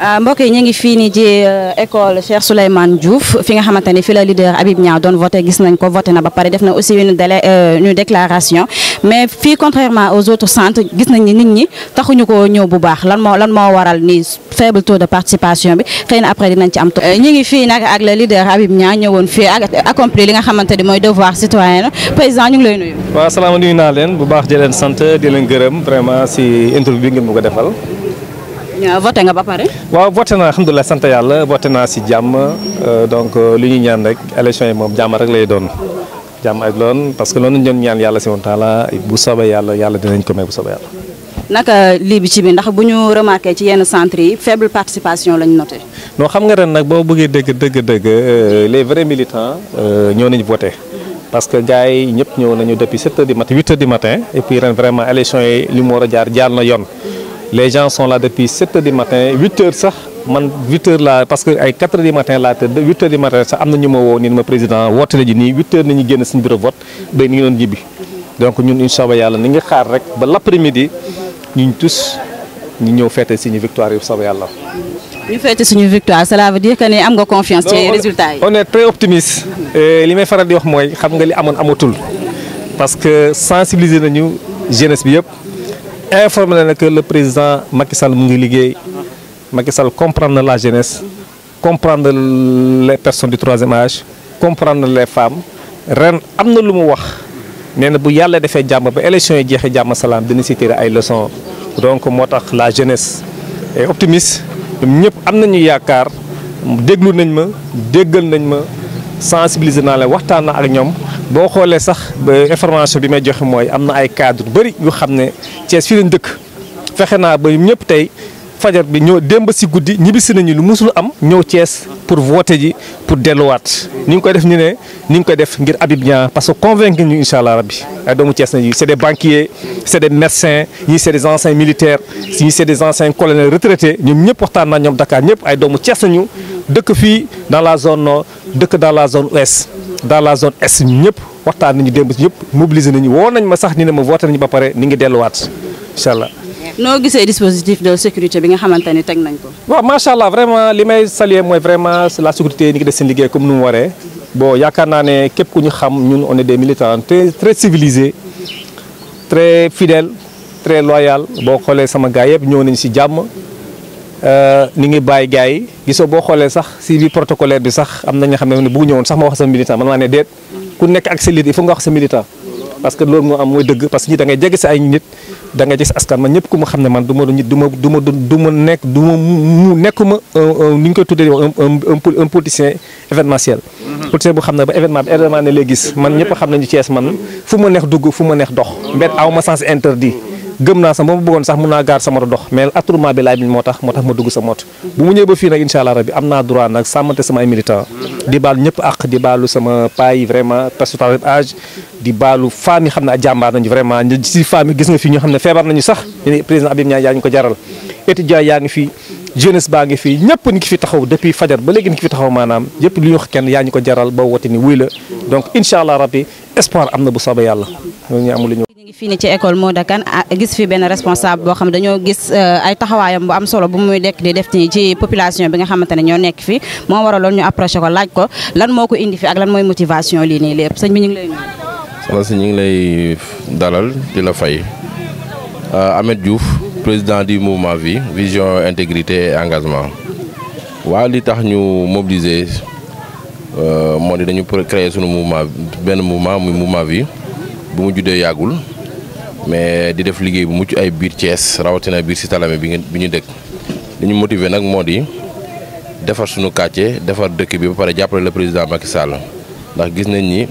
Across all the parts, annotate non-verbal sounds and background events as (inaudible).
Euh, mbokk yi ñu ngi fii nii ci euh, école Cheikh Souleymane Diouf fi nga xamante fii fi la leader Habib Niang doon voté gis nañ ko voté na ba pare def na aussi une délai euh, une déclaration mais fii contrairement aux autres centres gis nañ ni nit ñi taxuñu ko ñëw bu baax lan moo lan moo waral nii faible taux de participation bi xëy après dinañ ci am. ñu ngi fii nag ak le leader Habib Niang ñëwoon fii ak accompli li nga xamante ni mooy devoir citoyen président ñu ngi lay nuyu. waaw salaamaaleykum nuyu naa leen bu baax di leen sant di leen gërëm vraiment si interview bi ngeen ma ko Euh, voté nga ba pare. waaw voté naa alhamdulilah sant yàlla voté naa si jàmm euh, donc euh, li ñu ñaan rek élection yi moom jàmma rek lay doon. jàmm ak loon parce que loolu ñoom ñaan yàlla si woon taala bu yàlla yàlla dinañ bi ci ndax bu ñu remarqué ci yenn centre yi faible participation lañ noté. non xam nga ren nag boo bëggee dëgg dëgg dëgg les vrais militants ñoo nañu voté. parce que gars ñëpp ñëw nañu depuis 7 heures du matin 8 heures du matin et puis ren élection yi li mu war a jaar jaar na yoon. les gens sont là depuis 7 heures du matin 8 heures sax man 8 heures laa parce que ay 4 heures du matin laa tëdd 8 heures du matin sax am na ñu ma woo ni ma président woote la ji nii 8 heures nañu génn suñu bureau vote ba ni ngi doon jibbi donc ñun ñu allah yàlla ni ngi xaar rek ba l'après-midi ñun tous ñu ñëw feete suñu victoire yu soobee yàlla. ñu feete suñu victoire à veut dire que ni am nga confiance. ci résultats yi on très optimiste. li may faral di wax mooy xam nga li amoon amatul parce que sensibiliser nañu jeunesse bi yëpp. informé na ne que le président Macky Sall mu ngi liggéey Macky Sall comprendre la jeunesse comprendre les personnes du troisième âge comprendre les femmes ren am na lu mu wax nee na bu yàlla defee jàmm ba élection yi jeexee jàmm salaam dina si tiré ay leçons donc moo tax la jeunesse est optimiste ñoom ñëpp am na ñu yaakaar déglu nañ ma déggal nañ ma sensibiliser naa leen waxtaan na ak ñoom. boo xoolee sax information bi may joxe mooy am na ay cadre bëri yu xam ne Thiès fii lañ dëkk fexe naa ba ñëpp tey. fajar bi ñëw démb si guddi ñibbisi nañu lu musul am ñëw cees pour voter ji pour delluwaat ni ngi koy def ñu ne ni ngi koy def ngir Habib Niang parce que convaincre ñu incha allah rabbi ay doomu Thiès nañu c' est des banquiers c' est des médecins ñii c' est des anciens militaires ñii c' est des anciens colonels retraités dëkk fii dans la zone nord dëkk dans la zone ouest dans la zone est ñu ñëpp waxtaan nañu démb si ñëpp mobiliser nañu woo nañ ma sax ni ne ma voté nañu ba pare ni ngi delluwaat incha allah noo gisee dispositif de sécurité bi nga xamante ni teg nañ ko. waaw macha allah vraiment li may saluer mooy vraiment la sécurité ñi ngi def seen liggéey comme nu mu waree bon yaakaar naa ne képp ku ñu xam ñun on est des militants très très civilisés très fidèles très loyal boo xoolee sama gars yëpp ñëw nañ si jàmm. Euh, ni ngi bàyyi gars yi gisoo boo xoolee sax si biir protocolaire bi sax am na ñoo xam ne bu ñëwoon sax ma wax sama militant man maa ne déet ku nekk ak selli leader il wax sa parce que loolu moo am mooy dëgg parce que ñi da ngay jege si ay nit da ngay gis askan man ñëpp ku ma xam ne man du ma nit du ma du ma du ma nekk du mu nekkuma ni ñu koy tuddee un politicien événementiel. Mhm. politicien bu xam ne ba événement bi événement ne lay gis man ñëpp xam nañu Thiès man fu ma neex dugg fu ma neex dox. mbet aw ma sens interdit. gëm naa sax ba ma bëggoon sax mun naa gaar sama dox mais attroupement bi laay bi moo tax moo tax ma dugg sa moto bu mu ñëwee ba fii nag incha allah rabbi am naa xam ne jàmbaar nañu vraiment ñu si femme gis nga fi ñoo xam ne feebar nañu sax ñu président Habib Niang yaa baa ngi fi ñëpp ngi fi taxaw depuis fajar ba léegi ngi taxaw maanaam yëpp li ñu yaa ñu ko jaral ba woote ni wuy la donc incha allah rabbi espoir am na bu soobee yàlla ñu amul ngi fii ci école Modou Kane ah, gis fi benn responsable boo xam dañoo gis euh, ay taxawaayam bu am solo bu muy dekk di def ci population bi nga xamante ne ñoo nekk fi moo waraloon ñu approché ko laaj ko lan moo ko indi fi ak lan mooy motivation lii nii lépp sëñ bi ñu ngi lay nuyu. soxna ñu ngi lay dalal di la fay euh, Ahmed Diouf président di mouvement vie vision intégrité et engagement waaw li tax ñu mobiliser euh, moo di dañu créer sunu mouvement benn mouvement muy mouvement vie bu mu juddee yàggul mais di def liggéey bu mucc ay biir cees rawatina biir si talame bi bi ñu dëkk li ñu motiver nag moo di defar suñu quartier defar dëkk bi ba pare jàppale le président Macky Sall ndax gis nañ ni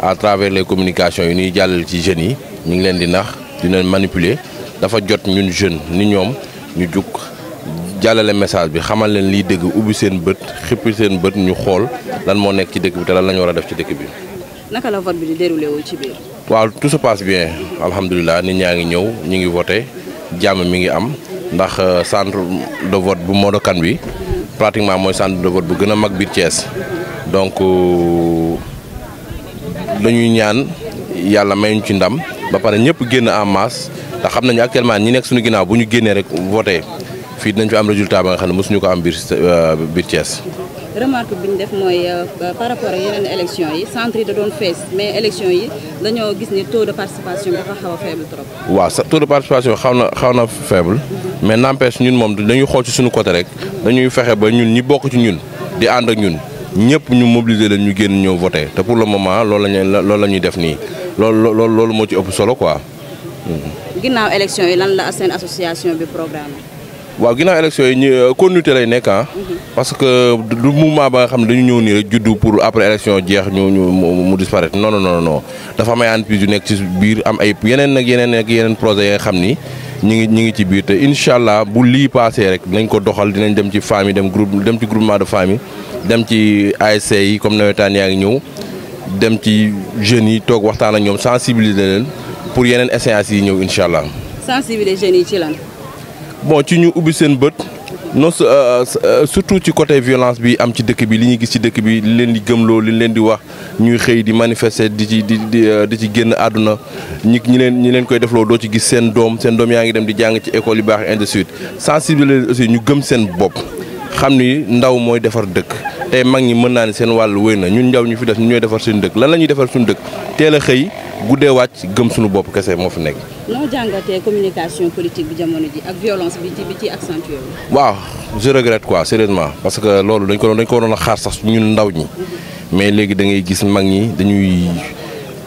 à travers les communications yi ñuy jàllale ci jeunes yi ñu ngi leen di nax di leen manipuler dafa jot ñun jeune ni ñoom ñu jug jàllale message bi xamal leen liy dëgg ubbi seen bët xippi seen bët ñu xool lan moo nekk ci dëkk bi te lan la ñu war a def ci dëkk bi. waaw tout se passe bien alhamdulilah nit ñaa ngi ñëw ñu ngi voté jàmm mi ngi am ndax euh, centre de vote bu Modou bi pratiquement mooy centre de vote bu gën a mag biir Thiès donc euh, dañuy ñaan yàlla mayuñ ci ndam ba pare ñëpp génn en masse ndax xam nañu actuellement ñi nekk suñu ginnaaw bu ñu génnee rek voté fii dinañ fi am résultat ba nga xam ne mosuñu ko am biir euh, biir Thiès. remarque bi ñu def mooy euh, par rapport yeneen élection yi centre yi doon fees mais élection yi dañoo gis ni taux de participation bi dafa xaw faible trop. waaw sa taux de participation xaw na xaw na faible mais n'empêche ñun moom dañuy xool ci suñu côté rek dañuy fexe ba ñun ñi bokk ci ñun di ànd ak ñun ñëpp ñu mobiliser leen ñu génn ñëw voté te pour le moment loolu la ñuy loolu la ñuy def nii loolu loolu moo ci ëpp solo quoi. ginnaaw élection yi lan la seen association bi programme waaw ginnaaw élection yi ñu euh, continuité lay nekk ah. Mhm. parce que du mouvement ba nga xam ne dañu ñëw nii rek juddu pour après élection jeex ñu ñu mu disparaître non non non dafa am ay entreprise yu nekk ci biir am ay yeneen nag yeneen yeneen projet yi nga xam ni ñu ngi ñu ngi ci biir te incha allah bu lii paasee rek dinañ ko doxal dinañ dem ci famille dem groupe dem ci groupement de famille dem ci ASC yi comme nawetaan yaa ngi ñëw dem ci jeunes yi toog waxtaan ak ñoom sensibiliser leen pour yeneen échéances yi ñëw incha allah. bon ci ñu ubbi seen bët non euh, euh, euh, surtout ci côté violence bi am ci dëkk bi li ñuy gis ci dëkk bi li leen di gëmloo li leen di wax ñuy xëy di manifester di ci di di ci génn àdduna ñi ñi leen ñi leen koy defloo doo ci gis seen doom seen doom yaa ngi dem di jàng ci école yu baax et ainsi de suite sensibiliser aussi ñu gëm seen bopp. xam ni ndaw mooy defar dëkk tey mag ñi mën naa ne seen wàll wéy na ñun ndaw ñu fi def ñun ñooy defar seen dëkk lan la ñuy defar suñu dëkk teel a xëy guddee wàcc gëm suñu bopp kese moo fi nekk. noo jàngatee communication politique bi jamono ji ak violence bi ci bi waaw je regrette quoi sérieusement parce que loolu dañ ko doon dañ doon a xaar sax ñun ndaw ñi mais léegi da ngay gis mag ñi dañuy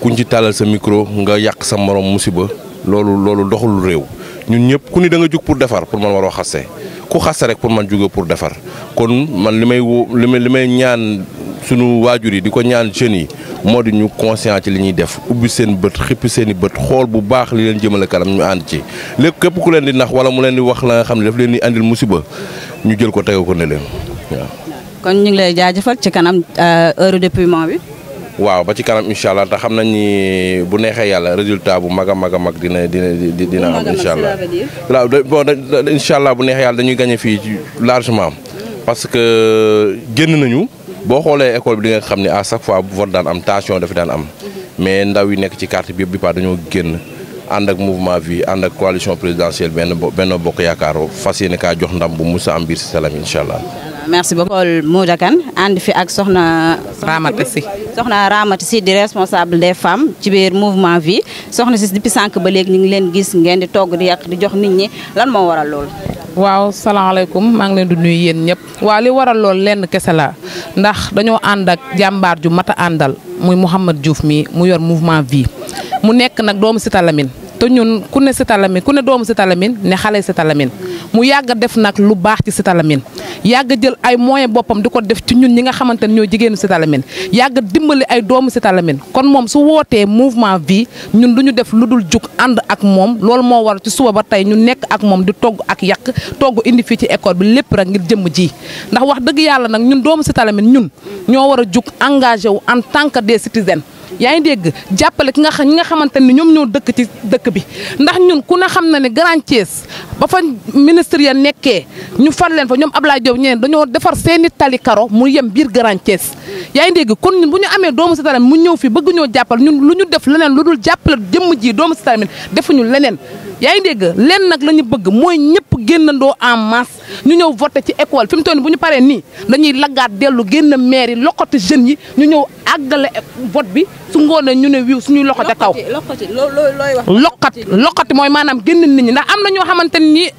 kuñ ci tàllal sa micro nga yàq sa moroom musiba loolu loolu doxul réew ñun ñëpp ku ni da nga jug pour defar pour man waroo xasee ku xas rek pour man jóge pour defar kon man li may woo li may ñaan sunu waajur yi di ko ñaan jeunes yi moo di ñu conscient ci li ñuy def ubbi seen bët xippi seen i bët xool bu baax li leen jëmale kanam ñu ànd ci lépp képp ku leen di nax wala mu leen di wax la nga xam ne daf leen di andil musiba ñu jël ko tege ko ne leen waaw. kon ñu ngi lay ci kanam euh, heure bi. waaw ba ci kanam incha allah te xam nañ ni bu neexee yàlla résultat bu mag a mag a mag dina dina dina am incha allah waaw bon incha allah bu neexee yàlla dañuy gagné fii largement parce que génn nañu boo xoolee école bi di nga xam ne à chaque fois bu vote daan am tension dafa daan am mais ndaw yi nekk ci carte bi yëpp bi pas dañoo génn ànd ak mouvement bi ànd ak coalition présidentielle benn benn bokk yaakaar fas yéene kaa jox ndam bu musa am biir si salam incha allah merci beaucoup Paul Mouda Kane ànd fi ak soxna. Ramata Sy soxna Ramata Sy di responsable des femmes ci biir mouvement vie soxna si depuis sànq ba léegi ñu ngi leen gis ngeen di togg di yàq di jox nit ñi lan moo waral lool waaw salaamaaleykum maa ngi leen di nuyu yéen ñëpp waaw waral lool lenn kese la ndax dañoo ànd ak jàmbaar ju mat a àndal muy Mouhamed juuf mi mu yor mouvement vie mu nekk nag doomu Cité Lamy te ñun ku ne Sita Lamine ku ne doomu Sita Lamine ne xale Sita Lamine mu yàgg def nag lu baax ci Sita Lamine yàgg jël ay moyen boppam di ko def ci ñun ñi nga xamante ne ñoo jigéenu Sita Lamine yàgg dimbali ay doomu Sita Lamine kon moom su wootee mouvement vie ñun du ñu def lu dul jug ànd ak moom loolu moo war ci suba ba tey ñu nekk ak moom di togg ak yàq togg indi fii ci école bi lépp rek ngir jëmm ji ndax wax dëgg yàlla nag ñun doomu Sita Lamine ñun ñoo war a jug engagé wu en tant que des citoyens yaa ngi dégg jàppale ki nga xam ñi nga xamante ni ñoom ñoo dëkk ci dëkk bi ndax ñun ku ne xam na ne Grand ba fa ministre ya nekkee ñu far leen fa ñoom Ablaye Diop ñeneen dañoo defar seeni tali karo mu yem biir yaa ngi dégg kon ñun bu ñu amee doomu si tamit mu ñëw fi bëgg ñoo ñun lu ñu def leneen lu dul jàppale jëmm ji doomu si tamit defuñu leneen yaa ngi dégg leen nag la ñu bëgg mooy ñëpp génnandoo en masse ñu ñëw voté ci école fi mu toll bu ñu paree nii dañuy lagaat dellu génn maire yi lokkati jeunes yi ñu ñëw àggale vote bi su ngoonee ñu ne wiw suñuy loxo ca kaw. loxoti loxoti loxoti mooy maanaam génn nit ñi ndax am na ñoo xamante ni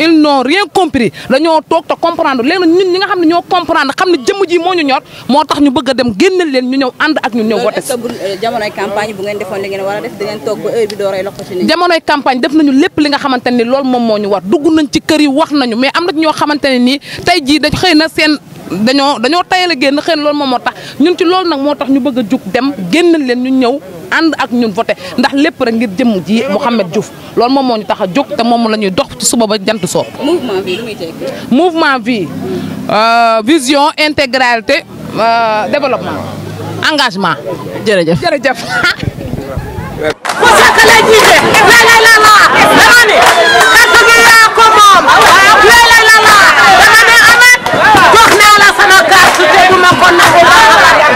ils n'ont rien compris dañoo toog te comprendre léegi nag ñun ñi nga xam ne ñoo comprendre xam ne jëmm ji moo ñu ñor moo tax ñu bëgg a dem leen ñu ñëw ànd ak ñu ñëw voté si. Euh, jamonoy bu ngeen defoon li ngeen war a def ngeen toog ba heure campagne def nañu lépp li nga xamante ne loolu moom moo ñu war dugg nañ ci kër yi wax nañu mais am na ñoo xamante ne nii tey jii dañ xëy na seen dañoo dañoo tayal génn xëy na loolu moom moo tax ñun ci loolu nag moo tax ñu bëgg a jug dem génn leen ñu ñëw ànd ak ñun voté ndax lépp rek ngir jëm ji Mouhamed Diouf loolu moom moo tax a jóg te moom la ñuy dox ci suba ba jant soo. mouvement vie lu muy euh, vision intégralité euh, développement engagement. jërëjëf jërëjëf. Moussa Ka lay jiite. lay lay la la jox naa la sama carte te du ma ko nangu la la la la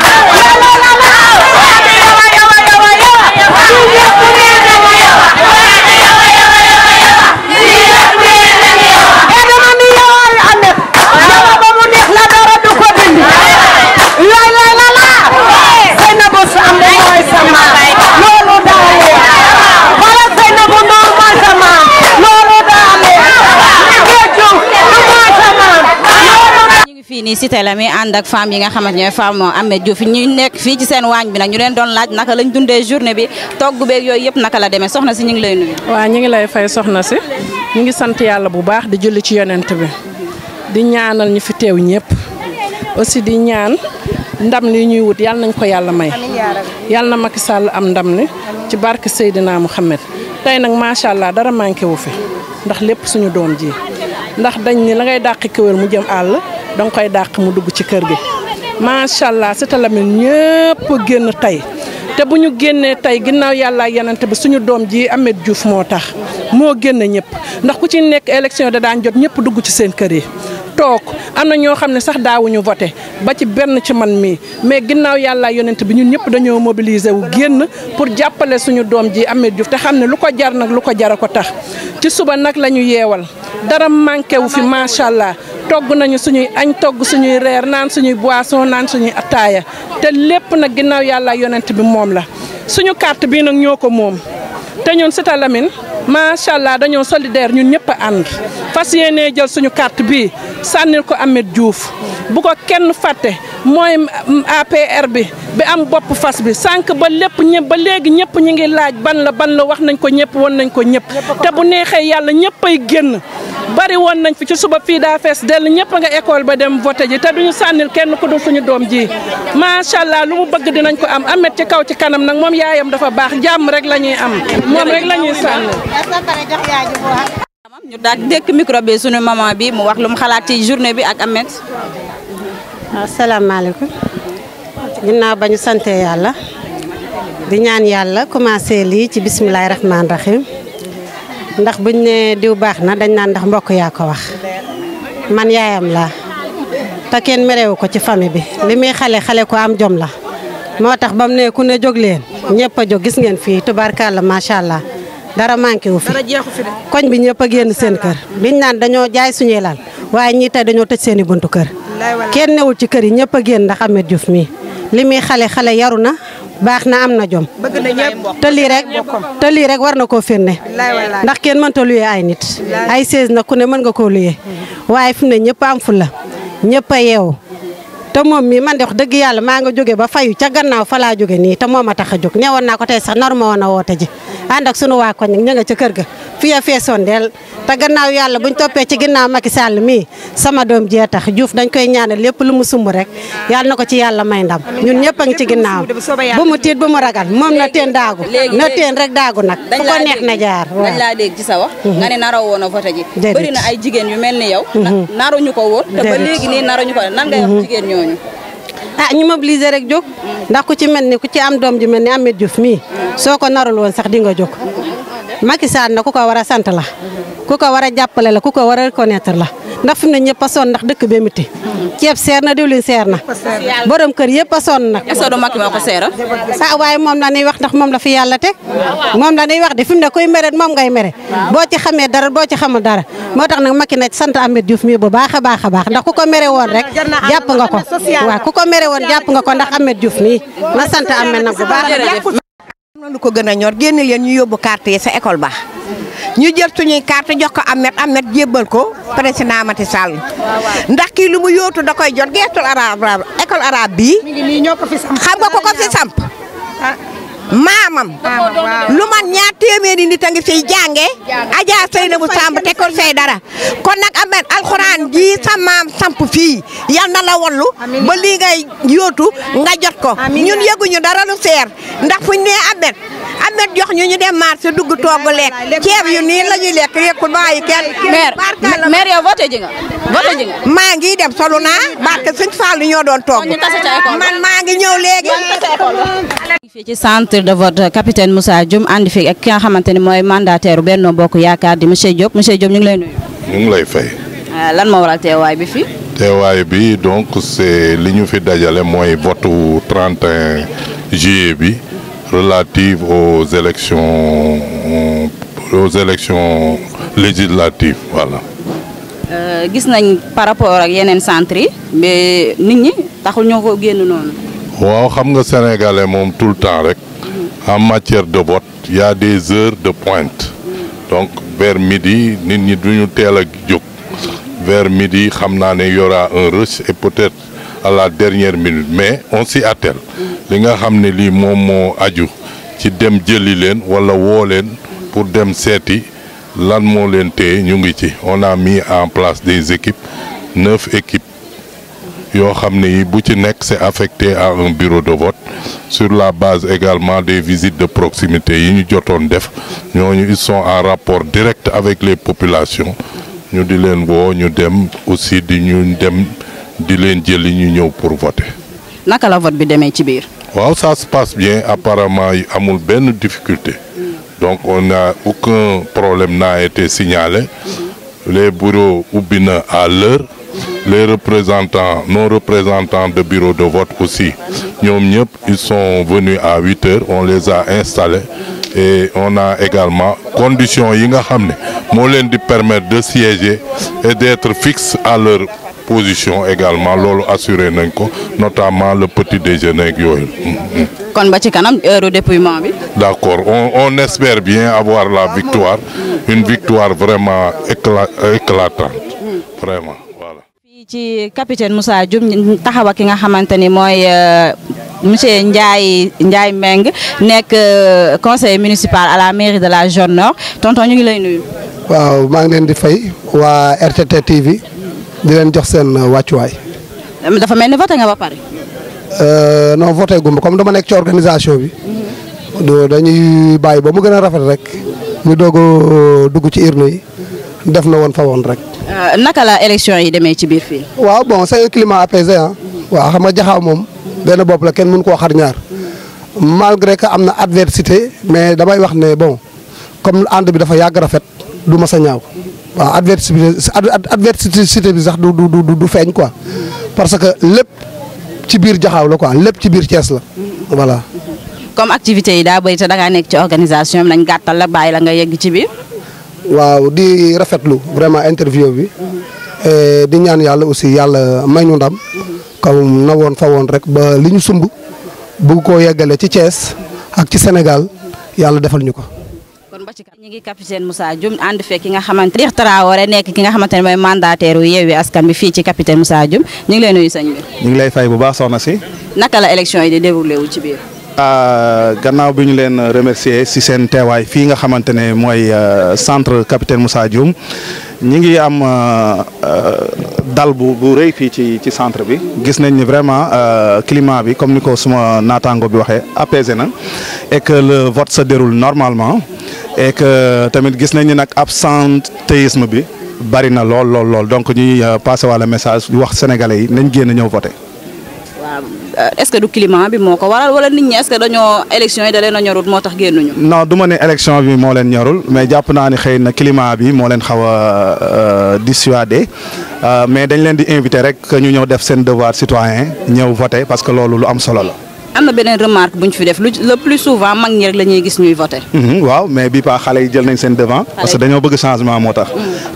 cité la mi ànd ak femme yi nga xamante ñooy femme Ameth Diouf ñu nekk fii ci seen waañ bi nag ñu leen doon laaj naka lañ dundee journée bi togg beeg yooyu yëpp naka la demee soxna si ñu ngi lay nuyu. waaw ñu ngi lay fay soxna si ñu ngi sant yàlla bu baax di julli ci yonent bi di ñaanal ñu fi teew ñëpp aussi di ñaan ndam li ñuy wut yàlla nañ ko yàlla may yàlla na Macky Sall am ndam li ci barke mu Mouhamed tey nag macha allah dara manqué wu fi ndax lépp suñu doom ji ndax àll da nga koy dàq mu dugg ci kër gi macha allah Cité Lamy ñëpp génn tey te bu ñu génnee tey ginnaaw yàlla ak yenante bi suñu doom ji Amet Diouf moo tax moo génn ñëpp ndax ku ci nekk élection da daan jot ñëpp dugg ci seen kër yi toog am na ñoo xam ne sax daawuñu voté ba ci benn ci man mii mais ginnaaw yàlla yonent bi ñun ñëpp dañoo mobiliser wu génn pour jàppale suñu doom ji amee Diouf te xam ne lu ko jar nag lu ko jar ko tax ci suba nag la ñu yeewal dara manqué wu fi macha allah togg nañu suñuy añ togg suñuy reer naan suñuy boisson naan suñuy attaaya te lépp nag ginnaaw yàlla yonent bi moom la suñu carte bii nag ñoo ko moom te ñun Cité Lamy macha allah dañoo solidaire ñun ñëpp a fas yéenee jël suñu carte bi sànnil ko Ameth Diouf bu ko kenn fàtte mooy APR bi bi am bopp fas bi sànq ba lépp ñëpp ba léegi ñëpp ñu ngi laaj ban la ban la wax nañ ko ñëpp won nañ ko ñëpp te bu neexee yàlla ñëpp ay génn. bari woon nañ fi ci suba fii daa fees dell ñëpp nga école ba dem voté ji te duñu sànnil kenn ku dul suñu doom ji macha allah lu mu bëgg dinañ ko am amet ci kaw ci kanam nag moom yaayam dafa baax jàmm rek la ñuy am moom rek la ñuy ñu daal dékk micro bi suñu maman bi mu wax lu mu xalaat ci journée bi ak Ameth. asalaamaaleykum. ginnaaw ba ñu sante yàlla. di ñaan yàlla commencé lii ci bisimilah rahmaani rahim. ndax buñ ne diw baax na dañ naan ndax mbokk yaa ko wax man yaayam la te kenn merewu ko ci famille bi li muy xale xale ko am jom la moo tax ba mu ne ku ne jóg leen ñëpp a jóg gis ngeen fii la macha allah dara manqué wu fi koñ bi ñëpp a génn seen kër biñ naan dañoo jaay suñuy lal waaye ñii tey dañoo tëj seeni buntu kër kenn newul ci kër yi ñëpp a génn ndax Ameth Diouf mii li muy xale xale yaru na baax na am na jom te lii rek te lii rek war na koo firnde ndax kenn mënta luyee ay nit ay sées na ku ne mën nga koo luyee waaye fi mu ne ñëpp am fu la ñëpp a yeewu te moom mii man de dëgg yàlla maa nga jóge ba fayu ca gannaaw fa laa jóge nii te moom a tax a jóg neewoon naa ko tey sax naru ma woon a woote ji ànd ak sunu waa koñ ña nga ca kër ga fi ya feesoon del te gannaaw bu buñ toppee ci ginnaaw Macky Sall mii sama doom jee tax Diouf dañ koy ñaanal lépp lu mu sumb rek yàlla na ko ci yàlla may ndam ñun ñëpp a ngi ci ginnaaw bu mu tiit bu mu ragal moom na teen daagu na teen rek daagu nag fu ko neex na jaar dañ laa dégg ci sa wax mhm. nga ne a vote ji bëri na ay jigéen yu mel ni yow mhm. naruñu ko woon te ba léegi nii naruñu ko nan ngay wax mhm. jigéen ñooñu ah ñu mobiliser rek jóg ndax ku ci mel ni ku ci am doom ju mel ni Ameth Diouf mii soo ko narul woon sax di nga jóg maki Sall na ku ko war a sant la ku ko war a jàppale la ku ko war a reconnaître la ndax fi mu ne ñëpp a sonn ndax dëkk bee métti ceeb seer na diwlin seer na borom kër yëpp a sonn nag ah waaye moom la ñuy wax ndax moom la fi yàlla te moom la ñuy wax de fi mu ne kuy meret moom ngay mere boo ci xamee dara boo ci xamul dara moo tax nag makki na sant Ameth Diouf mii bu baax a baax a baax ndax ku ko mere woon rek jàpp nga ko waaw ku ko mere woon jàpp nga ko ndax Ameth Diouf mii ma sant Ameth nag bu baax am na ko gën a ñor génn leen ñu yóbbu carte yi sa école ba ñu jël suñuy carte jox ko am am Ahmed jébbal ko président Macky Sall ndax kii lu mu yóotu da koy jot geestul arabe école arabe bii. mi ngi nii ñoo ko ko ko fi samp. Ah. maamam lu man ñaar téeméeri nit a ngi fiy jànge Adja Seynabou Samb te kon say dara kon nag amen alxuraan ji sa samp fii yal na la wallu ba lii ngay yóotu nga jot ko ñun yëguñu dara lu seer ndax fuñ ne amet amet jox ñu ñu dem marché dugg togg lekk ceeb yu nii la ñuy lekk yekkul bàyyi kenn maa ngi dem solu naa barke sëñ Fall ñoo doon togg man maa ngi ñëw léegi sur de vote capitaine Moussa Dioum ànd fi ak ki nga xamante ni mooy mandataire Benno Bokk Yaakaar di monsieur Diop monsieur Diop ñu ngi lay nuyu. ñu lay fay. Euh, lan moo waral teewaay bi fi teewaay bi donc c'est li ñu fi dajale mooy vote 31 juillet bi relative aux élections aux élections législatives voilà. Euh, gis nañ par rapport ak yeneen centre yi mais nit ñi taxul ñoo ko génn noonu. waaw xam nga sénégalais moom tout le temps rek en matière de vote il des heures de pointe donc vers midi nit ñi duñu teel a jóg vers midi xam naa ne y aura un rush et peut-être à la dernière minute mais on si attelle li nga xam ne lii moom moo aju ci dem jëli leen wala woo pour dem seeti lan moo leen téye ñu ngi ci on a mi en place des équipes neuf équipes yoo xam ne yi bu ci nekk c'est affecté à un bureau de vote sur la base également des visites de proximité yi ñu jotoon def ñooñu ils sont en rapport direct avec les populations ñu di leen woo ñu dem aussi di ñu dem di leen jëli ñu ñëw pour voter. naka la vote bi demee ci biir. waaw sa se passe bien apparemment yi amul benn difficulté donc on a aucun problème n'a été signalé mm-hmm. les bureaux ubbi na à l'heure les représentants, nos représentants de bureau de vote aussi. ils sont venus à 8 heures, on les a installés et on a également conditions yi nga xam ne moo leen di permettre de siéger et d'être fixe à leur position également loolu assuré nañ ko notamment le petit déjeuner ak yooyu. kon ba d' accord on on espère bien avoir la victoire une victoire vraiment éclatante vraiment. ci capitaine Moussa Diouf taxaw ki nga xamante ni mooy euh, monsieur Ndiaye Ndiaye Meng nekk euh, conseiller municipal à la mairie de la zone nord tonton ñu ngi lay nuyu. waaw maa ngi leen di fay waa RTT TV di leen jox seen euh, wàccuwaay. dafa mel ni voté nga ba pare. non voté gumba comme dama nekk ci organisation bi. dañuy bàyyi ba mu gën a rafet rek. ñu doog dugg ci urne yi def na woon fa woon rek. Euh, naka la élection yi demee ci biir fii. waaw bon c'est un climat apaisé ah. waaw xam nga jaxaaw moom. benn bopp la kenn mënu koo xar ñaar. malgré que am na adversité mais damay wax ne bon comme ànd bi dafa yàgg rafet du ma sa ñaaw waaw adversité adversité bi sax du du du feeñ quoi parce que lépp ci biir jaxaaw la quoi lépp ci biir Thiès la voilà. comme activité yi daa bëri te da ngaa nekk ci organisation bi nañ gàttal la bàyyi la nga yegg ci biir. waaw di rafetlu vraiment interview bi eh, di ñaan yàlla aussi yàlla may ñu ndam kaw na woon fa woon rek ba li ñu sumb bugg koo yeggale ci Thiès ak ci Sénégal yàlla defal ñu ko. kon ba ci kat ñu ngi capitaine Moussa Dioum ànd fekk ki nga xamante ne Traoré nekk ki nga xamante ne mooy mandataire Yewwi Askan bi fii ci capitaine Moussa Dioum ñu ngi lay sañ sëñ bi. ñu ngi lay fay bu baax soxna si. naka la élection yi di déroulé wu ci Euh, gannaaw bi ñu leen remercier si seen teewaay fii nga xamante ne mooy euh, centre capitaine Moussa Dioum ñi ngi am euh, dal bu bu rëy fii ci ci centre bi gis nañ ni vraiment climat bi comme ni ko suma naataango bi waxee apaisé na et que le vote se déroule normalement et que tamit gis nañ ni nag absentéisme bi bari na lool lool lool donc ñuy passé wàlla message wax sénégalais yi nañ génn ñëw voté. Euh, est-ce que du climat bi moo ko waral wala nit ñi est-ce que dañoo élection yi da a ñorul moo tax génnuñu. non du ma ne élection bi moo leen ñorul mais jàpp naa ne xëy na climat bi moo leen xaw a euh, dissuadé euh, mais dañ leen di invité rek ñu ñëw def seen devoir citoyen ñëw voter parce que loolu lu am solo la. am na beneen remarque bu ñu fi def le plus souvent mag ñi rek la ñuy gis ñuy voté. Mhm, waaw mais bi pa xale yi jël nañ seen devant. parce dañoo bëgg changement moo tax.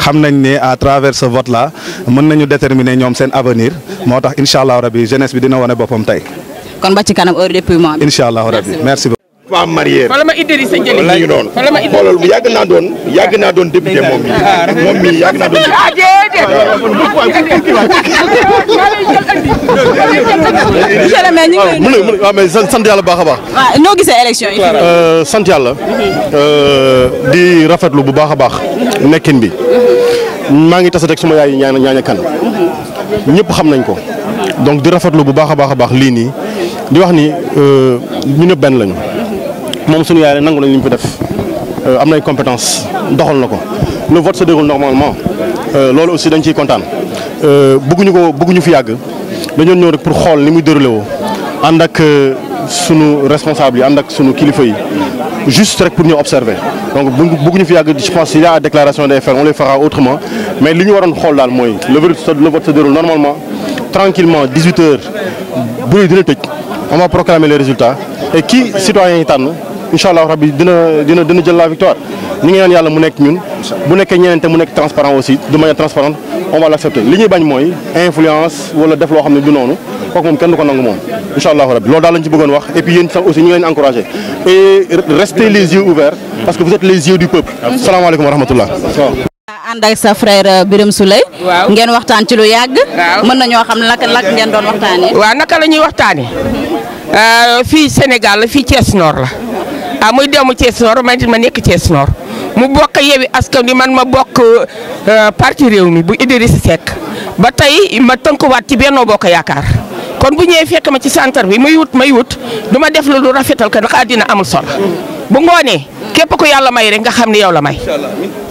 xam nañ ne à travers ce vote là mën nañu déterminer ñoom seen avenir moo tax incha allah rabi jeunesse bi dina wane boppam tey. kon ba ci kanam heure déploiement bi. incha allah rabi merci beaucoup. femme mariée fa la ma Idrissa doon xoolal bu yàgg doon yàgg naa doon député ah, na ah, ah, waaw mais sant yàlla baax a baax noo gisee élection yi euh, sant yàlla euh, di rafetlu bu baax a baax nekkin bi maa ngi tasa rek suma yaay ñaan ñaaña kan ñëpp xam nañ ko donc di rafetlu bu baax a baax a baax lii nii di wax ni euh, ñu ne benn lañu moom suñu yaay nangu nañ li ñu fi def euh, am nay compétence doxal na ko le vote se déroule normalement euh, loolu aussi dañ ciy kontaan euh, bëgguñu ko bëgguñu fi yàgg dañoo ñëw rek pour xool ni muy déroulé woo ànd ak sunu responsable yi ànd ak sunu kilifa yi juste rek pour ñu observer donc bu bëgguñu fi yàgg je pense il y a déclaration des faits on les fera autrement mais li ñu waroon xool daal mooy le vote se déroule normalement tranquillement 18 heures bu dina tëj on va proclamer les résultats et qui incha allah rabbi dina dina jël la victoire ñu ngi yàlla mu nekk ñun bu nekkee ñeneen te mu nekk transparent aussi de manière transparente on va l' accepter li ñuy bañ mooy influence wala def loo xam ne du noonu kooku moom kenn du ko nangu moom incha allah rabbi loolu daal lañ ci bëggoon wax et puis yéen sax aussi ñu ngi leen et restez les yeux ouverts parce que vous êtes les yeux du peuple salaamaaleykum wa rahmatullah ànd ak sa frère euh, Birame la ñuy waxtaanee mhm. euh, fii Sénégal la fii Thiès la ah muy doomu Thiès Nord man ma nekk Thiès Nord mu bokk Yewwi Askan Wi man ma bokk euh, parti réew mi bu Idrissa Seck ba tey ma tënkuwaat ci benn Bokk Yaakaar kon bu ñëwee fekk ma ci centre bi muy wut may wut duma def la lu rafetal ko ndax àddina amul solo bu ngoonee képp ku yàlla may rek nga xam ni yow la may.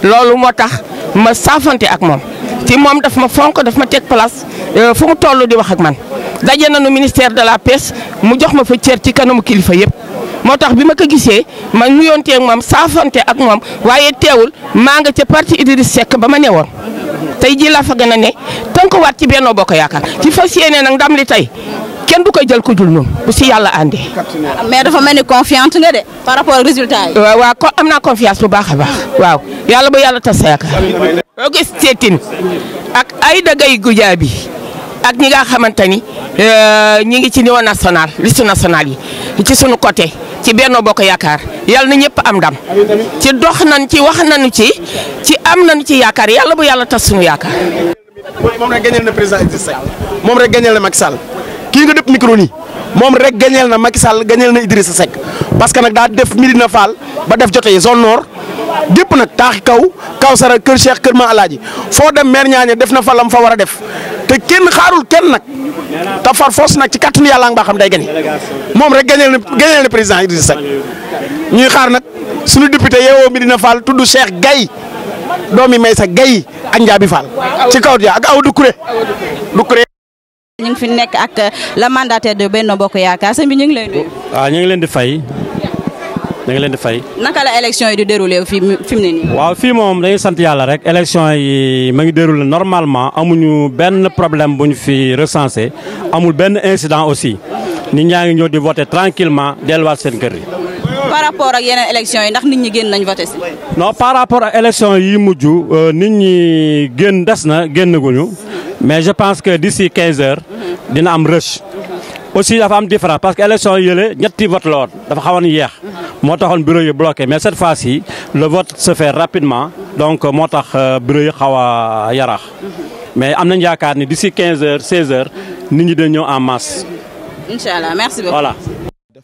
loolu moo tax ma saafante ak moom ci moom daf ma fonk daf ma teg place euh, fu mu toll di wax ak man daje nañu ministère de la pêche mu jox ma fa cër ci kanamu kilifa yëpp. moo tax bi ma ko gisee ma nuyonteeg moom saafante ak moom waaye teewul maa nga ca parti Idriss Seck ba ma nee woon tey jii laa fa gën a ne tënkuwaat ci Benno Bokk Yaakaar ci fas yéene nag ndam li tey kenn du koy jël ku dul noonu bu si yàlla àndi. mais dafa mel ni confiante nga de par rapport résultat yi. waaw waaw am naa confiance bu baax a baax waaw yàlla bu yàlla tas sa yaakaar. Augustin Tine ak Aïda Gaye Goudiaby ak ñi nga xamante ni euh, ñi ngi ci niveau national liste nationale yi ci sunu côté ci Benno Bokk Yaakaar yàlla na ñëpp am ndam ci dox nañ ci wax nañu ci ci am nañu ci yaakaar yàlla bu yàlla tas sunu yaakaar. moom rek na président moom rek gañal na Macky Sall kii nga dëpp micro nii moom rek gañeel na Macky Sall gañeel na Idrissa Seck parce que nag daa def na faal ba def jote yi zone nord gépp nag taaxi kaw kaw sara kër Cheikh kër ma ji foo dem meer ñaaña def na fa lam fa war a def te kenn xaarul kenn nag te far foos nag ci kattanu yàlla nga xam day gañe moom rek gañeel na gañeel na président Idrissa Seck ñuy xaar nag suñu député yeewoo Medina Fall tudd Cheikh Gaye doomi Maysa Gaye ak Njaabi Fall ci kaw ja ak aw Dukuré ñu ngi fi nekk ak euh, la mandataire de Benno Bokk Yaakaar sëñ bi ñu ngi lay nuyu. Oh, ah, ngi leen di fay ñu ngi leen di fay. naka la élection yi di déroulé fi fi mu ne nii. waaw fii moom dañuy sant yàlla rek élection yi ma ngi déroulé normalement amuñu benn problème bu ñu fi recensé amul benn incident aussi nit ñaa ngi ñëw di voté tranquillement delluwaat seen kër yi. par rapport ak yeneen élections yi ndax nit ñi génn nañ voté si. non par rapport ak élections yi mujj euh, nit ñi génn des na génn guñu mais je pense que d'ici 15 heures dina am rush. aussi dafa am différence parce que élection yële ñetti vote la woon dafa xawoon yeex moo taxoon bureau yi bloqué mais cette fois-ci le vote se rapidement donc moo tax euh, bureau yi xaw a yaraax mais am nañu yaakaar ni d'ici quinze heures 16 heures nit ñi dañu ñëw en masse. incha merci beaucoup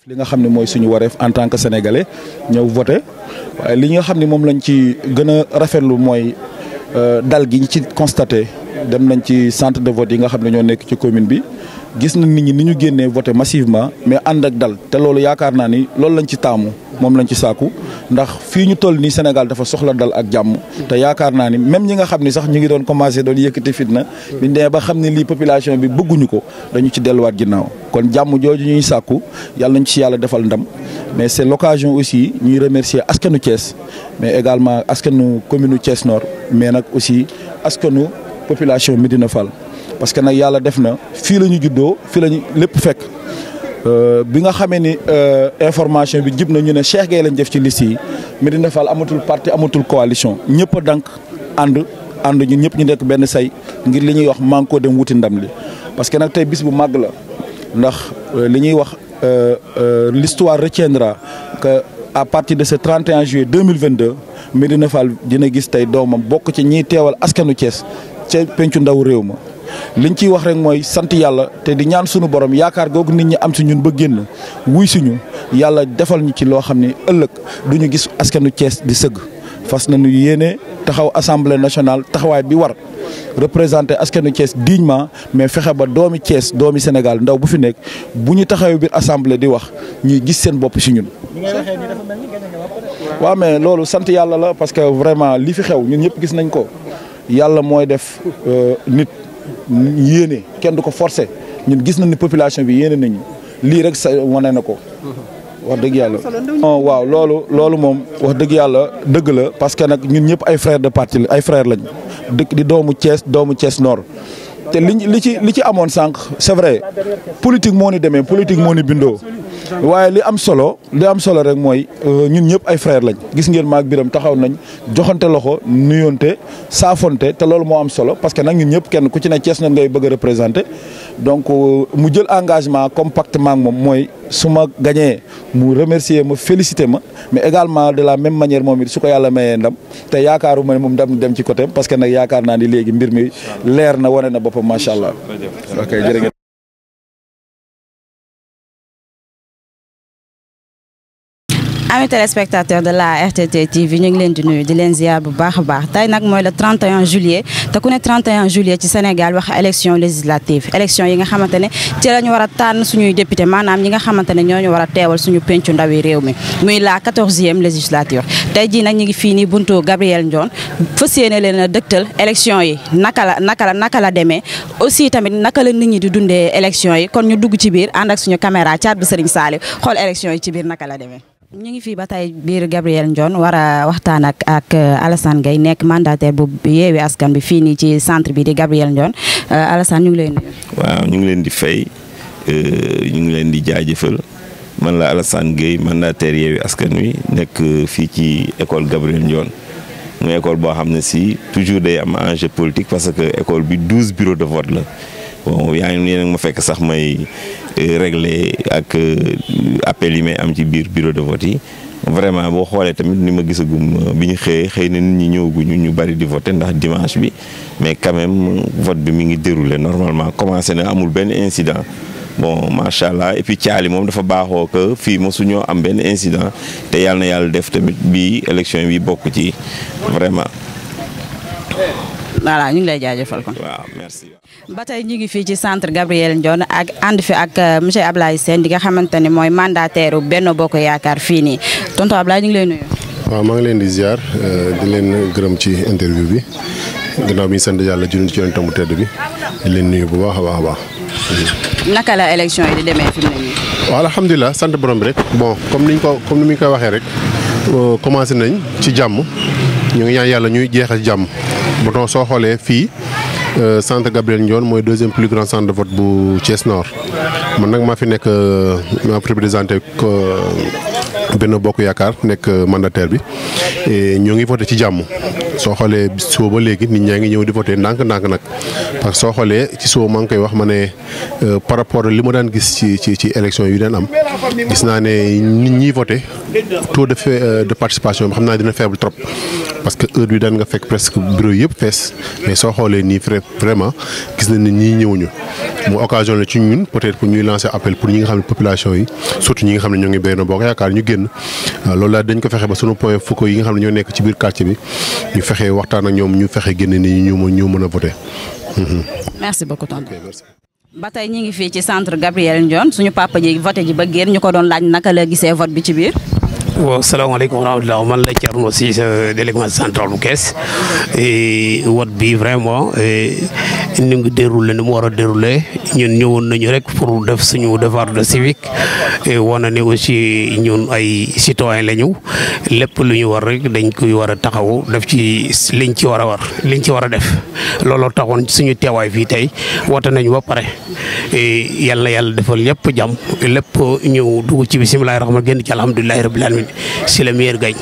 li nga xam ne mooy suñu wareef en tant que sénégalais ñëw voté waaye li nga xam ne moom lañ ci gën a rafetlu mooy euh, dal gi ci constaté dem nañ ci centre de vote yi nga xam ne ñoo nekk ci commune bi gis na nit ñi ni ñu génnee voté massivement mais ànd ak dal te loolu yaakaar naa ni loolu lañ ci taamu. moom lañ ci sàkku ndax fii ñu toll nii Sénégal dafa soxla dal ak jàmm te yaakaar naa ni même ñi nga xam ni sax ñu ngi doon commencé doon te fitna biñ demee ba xam ne lii population bi bëgguñu ko dañu ci delluwaat ginnaaw kon jàmm jooju ñuy sàkku yàlla nañ ci yàlla defal ndam mais c'est l'occasion aussi ñuy remercier askanu Thiès mais également askanu commune Thiès noor mais nag aussi askanu population Médina Fall parce que nag yàlla def na fii la ñu juddoo fii la ñu lépp fekk Euh, bi nga xamee ni euh, information bi jib na ñu ne Cheikh Gueye lañ def ci liste yi Médina Fall amatul parti amatul coalition ñëpp a dank ànd ànd ñun ñëpp ñu nekk benn say ngir li ñuy wax man koo dem wuti ndam li parce que nag tey bis bu màgg la ndax euh, li ñuy wax l'histoire retiendra que à partir de ce 31 juillet 2022 Médina Fall dina gis tey doomam bokk ci ñiy teewal askanu Thiès ce pencu ndaw réew ma liñ ciy wax rek mooy sant yàlla te di ñaan suñu boroom yaakaar googu nit ñi am si ñun ba génn wuy suñu yàlla defal ñu ci loo xam ne ëllëg du ñu gis askanu cees di sëgg fas na nañu yéene taxaw assemblée nationale taxawaay bi war représenter askanu Thiès dignement mais fexe ba doomi cees doomi Sénégal ndaw bu fi nekk bu ñu taxawee biir assemblée di wax ñuy gis seen bopp si ñun. waaw mais loolu sant yàlla la parce que vraiment li fi xew ñun ñëpp gis nañ ko yàlla mooy def euh, yéene kenn du ko forcer ñun gis nañ ne population bi yéene nañu lii rek sa wane na ko. wax dëgg yàlla oh, waaw loolu loolu moom wax dëgg yàlla dëgg la parce que nag ñun ñëpp ay frères de parti ay frères lañ dëkk di doomu cees doomu cees Nord. te li li ci li ci amoon sànq c'est vrai politique moo ni demee politique moo ni bindoo. waaye li am solo li am solo rek mooy euh, ñun ñëpp ay frère lañ gis ngeen maak biram taxaw nañ joxante loxo nuyonte saafonte te loolu moo am solo parce que nag ñun ñëpp kenn ku ci ne Thiès na ngay bëgg représenté donc euh, mu jël engagement comme maak moom mooy su ma gañee mu remercier ma félicité ma mais également de la même manière moom it su ko yàlla mayee ndam te yaakaaru ne moom ndam dem ci côté parce que nag yaakaar naa ni léegi mbir mi leer na wane na boppam macha allah. ok amis téléspectateurs de la RTT TV ñu leen di nuyu di leen ziar bu baax a baax tey nag mooy le 31 juillet te ku ne 31 juillet ci Sénégal wax élection législative élection yi nga xamante ne ci war a tànn suñuy député maanaam ñi nga xamante ne ñooñu war a teewal suñu pencu ndawi réew mi muy la 14e tey jii nag ñu ngi fii nii buntu Gabriel Ndione fas yéene leen a dëgtal élection yi naka la naka la naka la demee aussi tamit naka la nit ñi di dundee élection yi kon ñu dugg ci biir ànd ak suñu caméra caat bu Serigne Saliou xool élection yi ci biir naka la demee ñu ngi fii ba tey biir Gabriel Ndione war a waxtaan ak ak euh, Alassane Gueye nekk mandataire bu yeewee askan bi fii nii ci centre bi di Gabriel Ndione euh, Alassane ñu ngi leen nuyu. ñu ngi leen di fay euh, ñu ngi leen di jaajëfal man la Alassane Gueye mandataire yeewee askan wi nekk fii ci école Gabriel Ndione muy école boo xam ne si toujours day am enjeu politique parce que école bi douze bureaux de vote la bon yaa ngi leen ma fekk sax may. Euh, réglé ak euh, appel yi may am ci biir bureau de vote yi vraiment boo xoolee tamit ni ma gisagum euh, bi ñu xëyee xëy na nit ñi ñëwaguñu ñu bari di vote ndax dimanche bi mais quand vote bi mi ngi dërulee normalement commencé na amul benn incident. bon macha allah et puis caali moom dafa baaxoo que fii mosuñoo am benn incident te yàlla na yàlla def tamit bii élection bi bokk ci vraiment. voilà ñu ngi lay jaajëfal kon. waaw merci. ba tey ñu ngi fii ci centre Gabriel Ndione ak ànd fi ak euh, monsieur Ablaye seen di nga xamante ne mooy mandataire benn Bokk Yaakaar fii nii tonton Ablaye ñu ngi lay nuyu. waaw maa ngi leen di ziar euh, di leen gërëm ci interview bi ginnaaw bi ñu sant yàlla jullit ci yonentam bu tedd bi di leen nuyu bu baax a baax a baax. naka la élection yi di demee fi mu ne nii. waaw alhamdulilah sant borom bi rek bon comme ni ñu ko comme ni ñu koy waxee rek euh, commencé nañ ci jàmm. ñu ngi ñaan yàlla ñuy jeexal jàmm bouton soo xoolee fii euh, centre Gabriel Ndione mooy deuxième plus grand centre de vote bu Thiès Nord man nag maa fi nekk euh, maa fi représenté euh, Benno Bokk Yaakaar nekk mandataire bi ñoo ngi voté ci jàmm soo xoolee suba ba léegi nit ñaa ngi ñëw di voté ndànk-ndànk nag parce que soo xoolee ci suba maa ngi koy wax ma ne euh, par rapport li ma daan gis ci ci ci élection yi daan am gis naa ne nit ñiy voté taux de euh, de participation bi naa dina faible trop. parce que heure bi daan nga yëpp fees soo xoolee nii vraiment gis nañ ne ñii ñëwuñu mu occasion la ci ñun peut-être pour ñuy lancer appel pour ñi nga xam ne population yi surtout ñi nga ngi euh, yi nga xam ne ñoo nekk ci biir quartier bi. fexe waxtaan ak ñoom ñu fexe génne ni ñu ñu mën a voté. Mhm. merci beaucoup tonton. ba tey ñu ngi fii ci centre Gabriel Ndione suñu papa ji voté ji ba génn ñu ko doon laaj naka la gisee vote bi ci biir. waaw salaamaaleykum wa rahmatulah man la Thierno Cissé euh, délégué central bu Kees wot bi vraiment euh, ni mu déroulé ni mu war a déroulé ñun ñëwoon nañu rek pour def suñu devoir de civique wane ne aussi ñun ay citoyen lañu lépp lu ñu war rek dañ koy war a taxaw def ci liñ ci war a war liñ ci war a def looloo taxoon suñu teewaay fii tey woote nañ ba pare yàlla yàlla defal lépp jam lépp ñëw dugg ci bisimilah rahmaani génn ci alhamdulilah rabbil alamin si le meilleur gagne.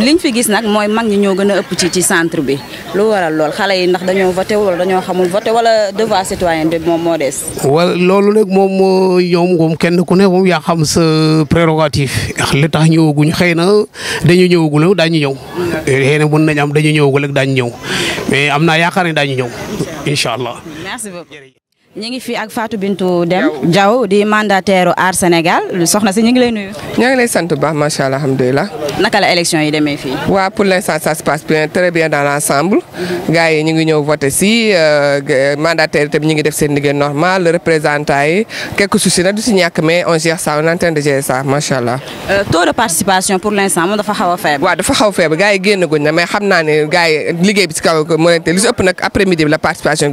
liñ fi gis nag mooy mag ñi ñoo gën a ëpp ci ci centre bi lu waral lool xale yi ndax dañoo voté wala dañoo xamul voté wala devoir citoyen bi moom moo des. wala loolu nag moom moo ñoom moom kenn ku ne moom yaa xam sa prérogative ndax li tax ñëwaguñ xëy na dañu ñëwagul daañu ñëw. xëy na mën nañ am dañu ñëwagul ak daañu ñëw mais am naa yaakaar ne daañu ñëw. incha allah ñu ngi fii ak Fatou Bintou Deme Diaw di mandataire Aar Sénégal soxna si ñu ngi lay nuyu. ñoo ngi lay sant bu baax macha allah alhamdulilah. naka la élection yi demee fii. waaw pour l'instant ça se passe bien très bien dans l'ensemble. gars yi ñu ngi ñëw voté si euh, mandataire yi tamit ñu ngi def seen liggéey normal représentant yi quelques soucis si ñàkk mais on gère ça on est euh, participation pour l'instant moom a a faible gars yi guñ na mais xam naa ne gars yi liggéey bi si kaw moo leen si ëpp nag après midi bi la participation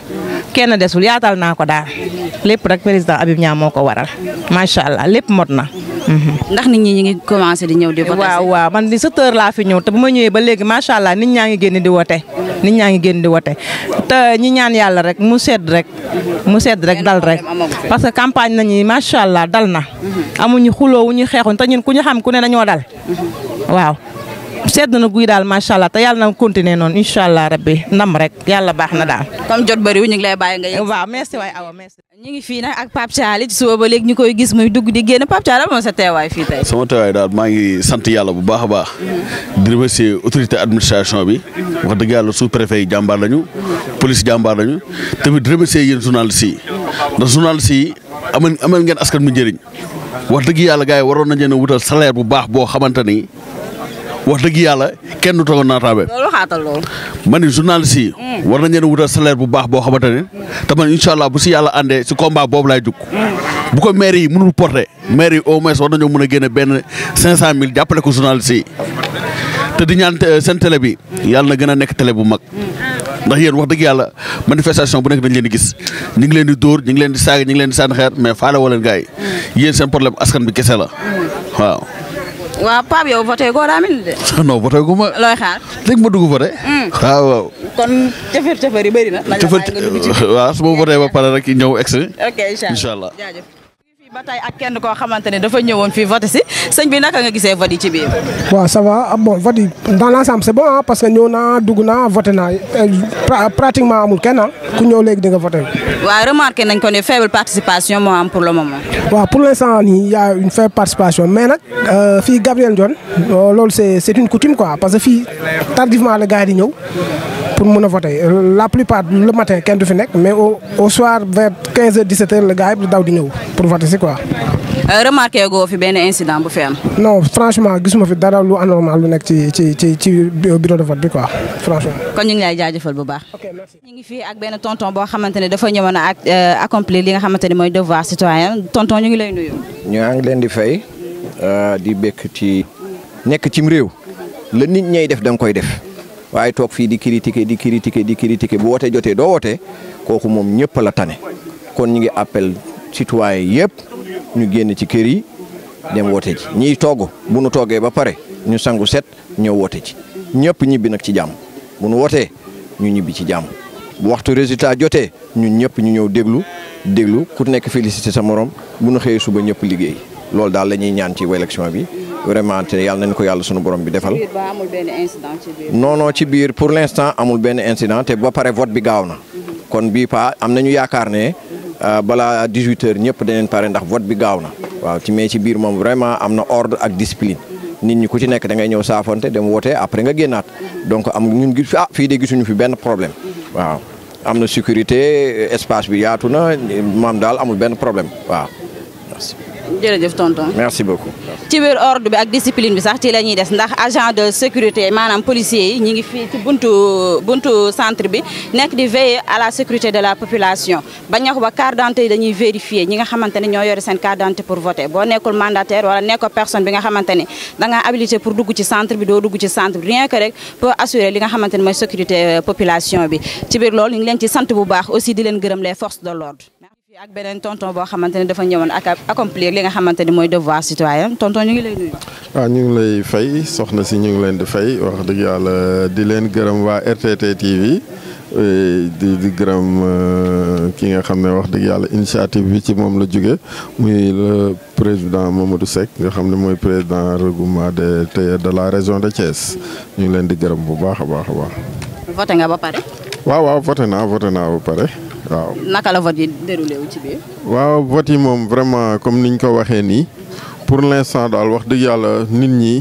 kenn desul yaatal naa ko daal lépp rek président Habib Niang moo ko waral macha allah lépp mot na. Mhm. ndax nit ñi ñu ngi commencé di ñëw di voter. waaw man di sept laa fi ñëw te bu ma ñëwee ba léegi macha allah nit ñaa ngi génn di wote. ni ñaa ngi génn di wote te ñi ñaan yàlla rek mu sedd rek mu sedd rek dal rek parce que campagne nañu macha allah dal na. Mhm. amuñu xuloo ñu xeexuñ te ñun ku ñu xam ku ne dañoo dal mhm. waaw. sedd na guy daal macha allah te yàlla na continuer noonu incha allah rabbi ndam rek yàlla baax na daal. comme jot bëriwul ñu ngi lay bàyyi nga yegg. waaw merci waay awa merci. ñu ngi fii ak Pape Thialy ci suba ba léegi ñu koy gis muy dugg di génn Pape Thialy moom sa teewaay fii tey. sama teewaay daal maa ngi sant yàlla bu baax baax. di autorité administration bi. wax dëgg yàlla sous préfet yi jàmbaar lañu. police jàmbaar lañu. tamit remercier yéen journaliste yi. ndax journaliste yi amal amal ngeen askan mu njëriñ. wax dëgg yàlla gars yi waroon nañu leen wutal salaire bu baax boo xamante ni wax dëgg yàlla kenn du toog naataange. loolu xaatal loolu. ma ne journaliste yi. Mm. war nañ leen wutal salaire bu baax boo xamante ne. te man incha bu si yàlla àndee si combat boobu laay jug. Mm. bu ko maire yi mënul porter maire yi au moins war nañoo mën a génne benn 500000 jàppale ko journaliste yi. te di ñaan euh, seen bi. yàlla na gën a nekk tele bu mag. Mm. ndax yéen wax dëgg yàlla manifestation bu nekk dañ leen di gis ñu ngi leen di dóor ñu ngi leen di saag ñu ngi leen di sànni xeer mais faale woo leen gars yi yéen seen problème askan bi kese la waaw. waaw Pape yow voté goo de. (laughs) non voté looy xaar léegi ma dugg voté. Hmm. waaw kon cëfër cëfër yi bëri na. waaw su ma voté ba pare rek ñëw egg ba tey ak kenn koo xamante ne dafa ñëwoon fii vote si sëñ bi naka nga gisee vote yi ci biir. waaw ça va ah, bon vote yi parce que ñëw naa dugg naa voté naa euh, pratiquement amul kenn ah ku ñëw léegi di nga voté. waaw remarqué nañ ko ne faible participation moo am pour le moment. waaw pour l' instant nii y' une faible participation mais nag euh, fii Gabriel Ndione euh, loolu c' est c' est une coutume quoi parce que fii tardivement la gars yi di ñëw. pour mun a voter la plupart le matin kenn du fi nekk mais au au soir vers 15 heures 17 heures la gars yëpp daw di ñëw pour voter si quoi. Euh, remarqué goo fi benn incident bu fi non franchement gisuma fi dara lu anormal nekk ci ci ci ci bureau de vote bi quoi ñu ngi lay jaajëfal bu baax. ok merci ñu ngi fii ak benn tonton boo xamante ne dafa ñëwoon ak euh, accomplir li nga xamante ne mooy devoir citoyen tonton ñu ngi lay nuyu. ñoo ngi di fay euh, di békk ci nekk cim réew la nit ñay def danga koy def. waaye toog fii di critiquer di critiquer di critiquer bu wootee jotee doo wootee kooku moom ñëpp la tane kon ñu ngi appel citoyen yëpp ñu génne ci kër yi dem woote ji ñiy bu nu toogee ba pare ñu sangu set ñëw woote ji ñëpp ñibbi nag ci jàmm bu nu wootee ñu ñibbi ci jàmm bu waxtu résultat jotee ñun ñëpp ñu ñëw déglu déglu ku nekk félicité sa morom bu nu xëyee suba ñëpp liggéey loolu daal la ñuy ñaan ci élection bi. vraiment te yàlla nañ ko yàlla sunu borom bi defal. non non ci biir pour l' instant amul benn incident te ba pare vote bi gaaw na. Mhm. kon bii pa am na ñu yaakaar ne. Mhm. Euh, balaa 18 heures ñëpp daneen pare ndax vote bi gaaw na. Mhm. waaw ci mais ci biir moom vraiment am na ordre ak discipline. nit ñi ku ci nekk da ngay ñëw saafonte dem woote après nga génnaat. donc am ñun gis ah fii de gisuñu fi benn problème. waaw am na sécurité espace bi yaatu na maam daal amul benn problème waaw jërëjëf tonton merci beaucoup. ci biir ordre bi ak discipline bi sax ci la ñuy des ndax agent de sécurité maanaam policiers yi ñu ngi fii ci buntu buntu centre bi nekk di veiller à la sécurité de la population ba ñax ba carte yi dañuy vérifier ñi nga xamante ne ñoo yore seen carte d'identité pour voter boo nekkul mandataire wala nekkoo personne bi nga xamante ne dangaa habilité pour dugg ci centre bi doo dugg ci centre bi rien que rek pour assurer li nga xamante ne mooy sécurité euh, population bi ci biir loolu ñu ci sant bu baax aussi di leen gërëm les forces de fii ak beneen tonton boo xamante ne dafa ñëwoon ak accomplir li nga xamante ni mooy devoir citoyen tonton ñu ngi lay nuyu. waaw ñu ngi lay fay soxna si ñu ngi leen di fay wax dëgg yàlla di leen gërëm waa RTT TV eh, di di gërëm eh, ki nga xam ne wax dëgg yàlla initiative bi ci moom la jóge muy le président Mamadou Seck nga xam ne mooy président regroupement de tailleurs de la région de Thiès ñu ngi leen di gërëm bu baax a baax a baax. voté waaw waaw voté naa voté ba pare. waaw naka la vote waaw vote yi moom vraiment comme niñ ko waxee nii pour l'instant daal wax dëgg yàlla nit ñi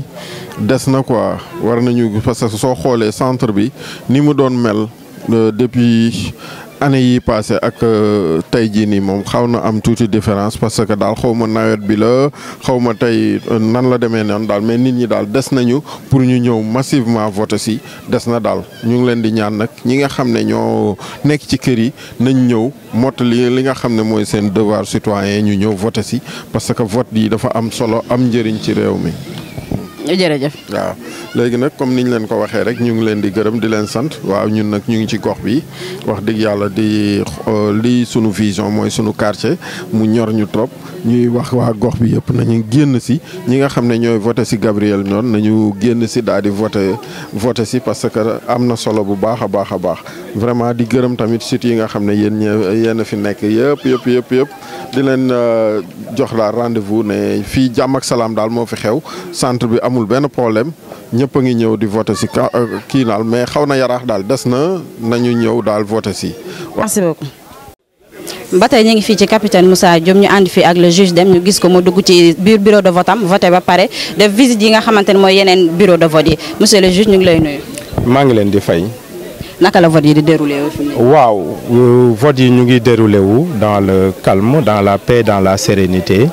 des na quoi war nañu parce que soo xoolee centre bi ni mu doon mel euh, depuis. année yi passé ak euh, tey jii nii moom xaw na am tuuti différence parce que daal xaw ma nawet bi la xaw ma tey euh, nan la demee noonu daal mais nit ñi daal des nañu pour ñu ñëw massivement vote si des na daal ñu ngi leen di ñaan nag ñi nga xam ne ñoo nekk ci kër yi nañ ñëw mottali li nga xam ne mooy seen devoir citoyen ñu ñëw voter si parce que vote yi dafa am solo am njëriñ ci réew mi. jërëjëf waaw léegi nag comme niñ leen ko waxee rek ñu ngi leen di gërëm di leen sant waa ñun nag ñu ngi ci gox bi wax dëgg yàlla di euh, lii sunu vision mooy sunu quartier mu ñor ñu trop ñuy wax waa gox bi yëpp nañu génn si ñi nga xam ne ñooy voté si Gabriel Nione nañu génn si daal di voté voté si parce que am na solo bu baax a baax a baax vraiment di gërëm tamit sites yi nga xam ne yéen yéen a fi nekk yëpp yëpp yëpp yëpp di leen euh, jox daal rendez-vous ne fii jàmm ak salaam daal moo fi xew amul benn problème ñëpp ngi ñëw di voté si euh, kii naal mais xaw na yaraax daal des na nañu ñëw daal voté si. merci beaucoup. ba tey ñu ngi fii ci capitaine Moussa Diop ñu ànd fii ak le juge dem ñu gis ko mu dugg ci biir bureau de vote am voté ba pare def visite yi nga xamante ne mooy yeneen bureau de vote yi monsieur le juge ñu ngi lay nuyu. maa ngi leen di fay. naka la vote yi di déroulé wu. waaw euh, vote yi ñu ngi déroulé wu dans le calme dans la paix dans la sérénité.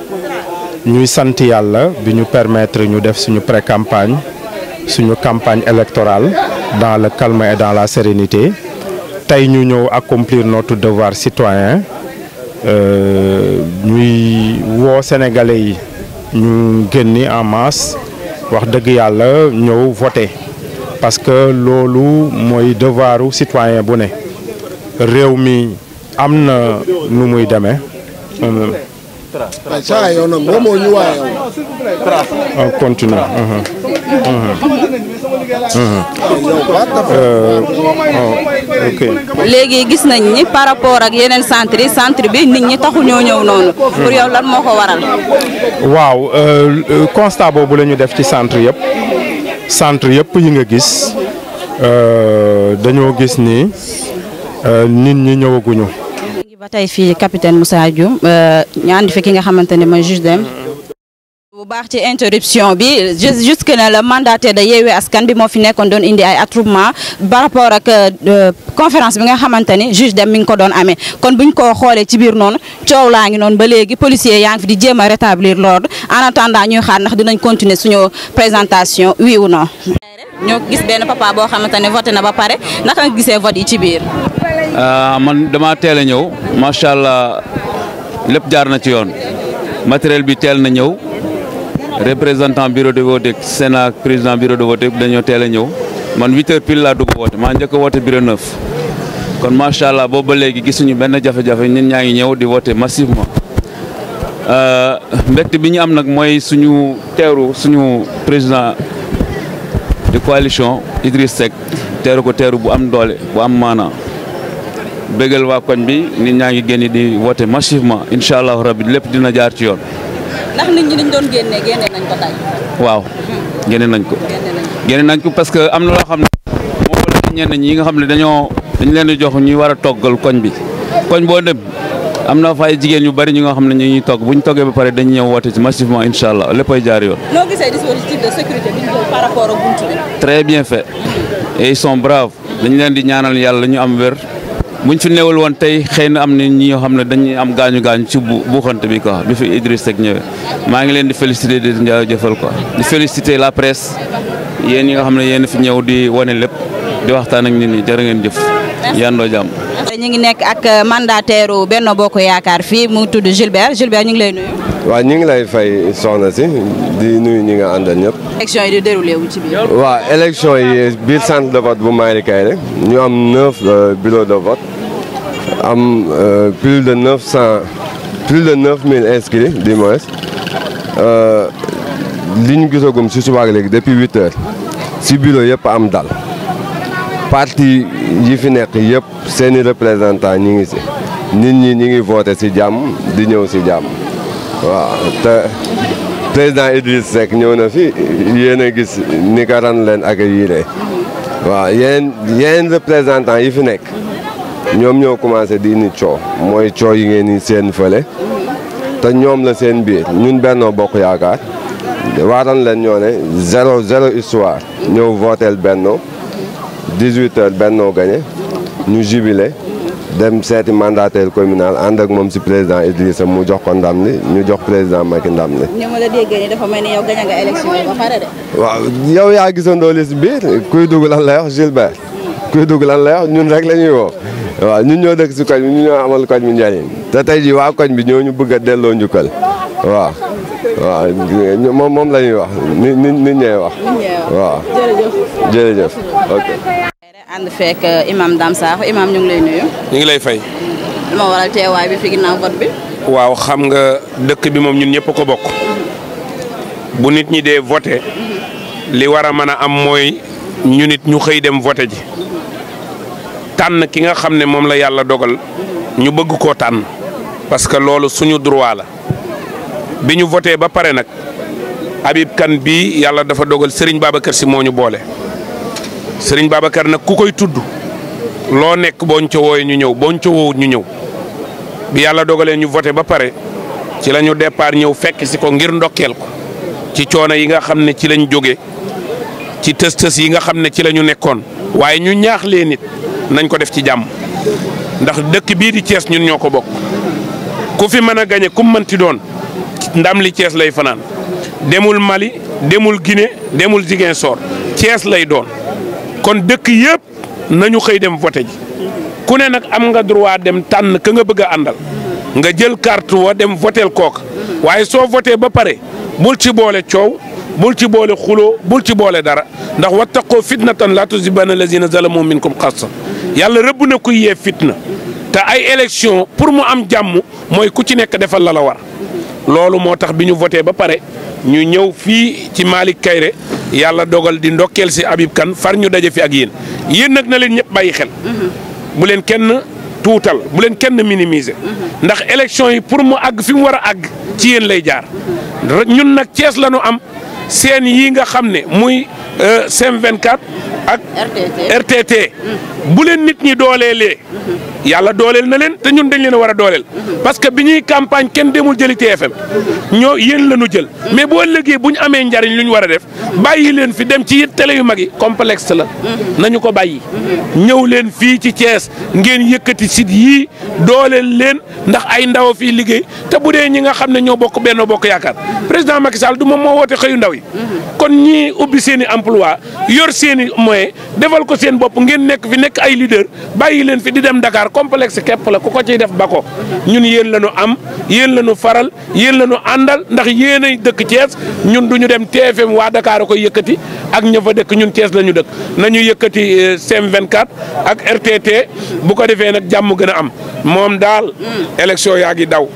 ñuy sant yàlla bi ñu permettre ñu def suñu pré-campagne suñu campagne électorale dans le calme et dans la sérénité tey ñu ñëw accomplir notre devoir citoyen euh, ñuy woo sénégalais yi ñu génni en masse wax dëgg yàlla ñëw voter parce que loolu mooy devoiru citoyen bu ne réew mi am na nu muy demee. Euh, saa yow léegi gis nañ ni par rapport ak yeneen centre yi centre bi nit ñi taxu ñëw noonu. pour yow lan moo ko waral. waaw uh, uh, constat boobu la ñu def ci centre yëpp centre yëpp yi nga gis uh, dañoo gis ni nit ñi ñëwaguñu. ba tey fii capitaine Moussa Dioum euh, ñu ànd fi ki nga xamante ne mooy juge dem bu baax ci interruption bi jusque ne la mandataire da yeewee askan bi moo fi nekkoon doon indi ay attroupement ba rapport ak euh, conférence bi nga xamante ni juge dem mi ngi ko doon amee kon buñ ko xoolee ci biir noonu coow laa ngi noonu ba léegi policier yaa ngi fi di jéem a rétablir l'ordre en attendant ñuy xaar ndax dinañ continuer suñu présentation oui ou non ñoo gis benn papa boo xamante ne voté na ba pare naka nga gisee vote yi ci biir Euh, man dama teel a ñëw macha allah lépp jaar na ci yoon matériel bi teel na ñëw représentant bureau de vote Sénat président bureau de vote dañoo teel a ñëw man 8 heures pile laa dugg woote maa njëkk a woote bureau 9 kon macha allah boobu ba léegi suñu benn jafe-jafe ñun ñaa ngi ñëw di woote massivement euh, mbégte bi ñu am nag mooy suñu teeru suñu président de coalition Idriss Seck teeru ko teeru bu am doole bu am maanaa bégal waa koñ bi nit ñaa ngi génn di voté massivement incha allah rabi lépp dina jaar ci yoon. ndax nañ ko tey. waaw mhm. génne nañ ko. génne nañ ko parce que am na loo xam ne moom la ñenn ñi nga xam ne dañoo dañ leen di jox ñuy war a toggal koñ bi koñ boo dem am na fay jigéen yu bari ñi nga xam ne ñu ngi togg bu ñu toggee ba pare dañ ñëw woote ci massivement incha allah léppay jaar yoon. noo bien fait et ils sont braves dañ leen di ñaanal yàlla ñu am wér. ñu fi newul woon tey xëy na am na ñi ñoo xam ne dañuy am gaañu gaañu ci buuxante bi quoi bi fi Idriss Seck ñëwee maa ngi leen di féliciter di jaajëfal ko di féliciter la presse yéen ñi nga xam ne yéen fi ñëw di wane lépp di waxtaan ak nit ñi jërë ngeen jëf. yàndoo jàmm. ñu ngi nekk ak mandataire u Benno Bokk Yaakaar fii mu tudd Gilbert Gilbert ñu ngi lay nuyu. waaw ñu ngi lay fay soxna si di nuyu ñi nga àndal ñëpp. élection yi di déroulé biir. waaw yi biir centre de vote bu Mary Kairé ñu am neuf euh, bureaux de vote am euh, plus de neuf cent plus de neuf mille inscrits du moins euh, li ñu gisagum si suba léegi depuis huit si bilo yëpp am dal. parti yi fi nekk yëpp seeni représentant ñi ngi si nit ñi ñi ngi voté si jàmm di ñëw si jàmm waaw te président Idriss Seck ñëw na fi yéen a gis ni ka ran leen ak yiiree waaw yeneen yeneen représentant yi fi nekk ñoom ñoo commencé di indi coow mooy coow yi ngeen ni seen fële te ñoom la seen biir ñun Benno Bokk Yaakaar waaran leen ñoo ne zéro zéro histoire ñëw votel Benno 18 heures Benno gagné ñu jubilé dem seeti mandataire communal ànd ak moom si président Idrissa mu jox ko ndam li ñu jox président Macky ndam li. ma la déggee waaw yow yaa gisandoo liste biir kuy dugg lan lay wax Gilbert kuy dugg lan lay wax ñun rek lañuy ñuy woo waaw ñun ñoo dëkk si koñ bi ñu ñoo amal koñ bi njëriñ te tey jii waa koñ bi ñoo ñu bëgg a delloo njukkal waaw. moom lañuy wax ni ni nit ñee wax. waaw ànd fekk euh, ñu ngi lay fay. waaw xam nga dëkk bi moom ñun ñëpp ko bokk. bu nit ñi dee voté. li war a mën a am mooy ñu nit ñu xëy dem voté ji. tànn ki nga xam ne moom la yàlla dogal. ñu bëgg koo tànn. parce que loolu suñu droit la. bi ñu voté ba pare nag. Habib kan bi yàlla dafa dogal Serigne kër si moo ñu boole. sëriñ Babacar nag ku koy tudd loo nekk booñ ca wooyee ñu ñëw booñ ca woowut ñu ñëw bi yàlla dogalee ñu voté ba pare ci la ñu départ ñëw fekk si ko ngir ndokkeel ko ci coono yi nga xam ne ci lañu jóge ci tës-tës yi nga xam ne ci la ñu nekkoon waaye ñu ñaax leen nit nañ ko def ci jàmm ndax dëkk bii di Thiès ñun ñoo ko bokk ku fi mën a gañe ku mënti doon ndam li Thiès lay fanaan demul Mali demul gine demul Ziguinchor Thiès lay doon. kon dëkk yëpp nañu xëy dem voté ku ne nag am nga droit dem tànn ka nga bëgg a àndal nga jël carte wa dem votel kooka waaye soo voté ba pare bul ci boole coow bul ci boole xuloo bul ci boole dara ndax fitna tan wattaqoo fitnatan laa tusibanna lazina zalamu minkum xassa yàlla rëbb na kuy yee fitna te ay élection pour mu am jàmm mooy ku ci nekk defal la la war loolu moo tax bi ñu voté ba pare ñu ñëw fii ci Malick Kayre yàlla dogal di ndokkeel si Habib kan far ñu daje fi ak yéen yéen nag na leen ñëpp bàyyi xel. bu leen kenn tuutal bu leen kenn minimiser. ndax élection yi pour mu àgg fi mu war a àgg ci yéen lay jaar. ñun nag Cees la ñu am seen yii nga xam ne muy. Euh, sem 24 ak RTT bu leen nit ñi dooleelee yàlla dooleel na leen te ñun dañ leen a war a dooleel parce que bi ñuy campagne kenn demul jëli TFM ñoo yéen la ñu jël mais boo ëllëgee bu ñu amee njariñ lu ñu war a def bàyyi leen fi dem ci it télé yu mag yi complexe la nañu ko bàyyi ñëw leen fii ci Thiès ngeen yëkkati sit yii dooleel leen ndax ay ndaw fii liggéey te bu dee ñi nga xam ne ñoo bokk benn bokk yaakaar président Macky Sall du moom moo woote xëyu ndaw yi kon ñii ubbi seen emploi yor seen i moyen defal ko seen bopp ngeen nekk fi nekk ay leader bàyyi leen fi di dem dakaar complexe képp la ku ko ciy def ba ko ñun yéen la ñu am yéen la ñu faral yéen la àndal ndax yéen ay dëkk Thiès ñun du ñu dem TFM waa Dakar a koy ak ña dëkk ñun Thiès la ñu dëkk nañu yëkkati euh, vingt 24 ak RTT bu ko defee nag jàmm gën a am moom daal hmm. élection yaa gi daw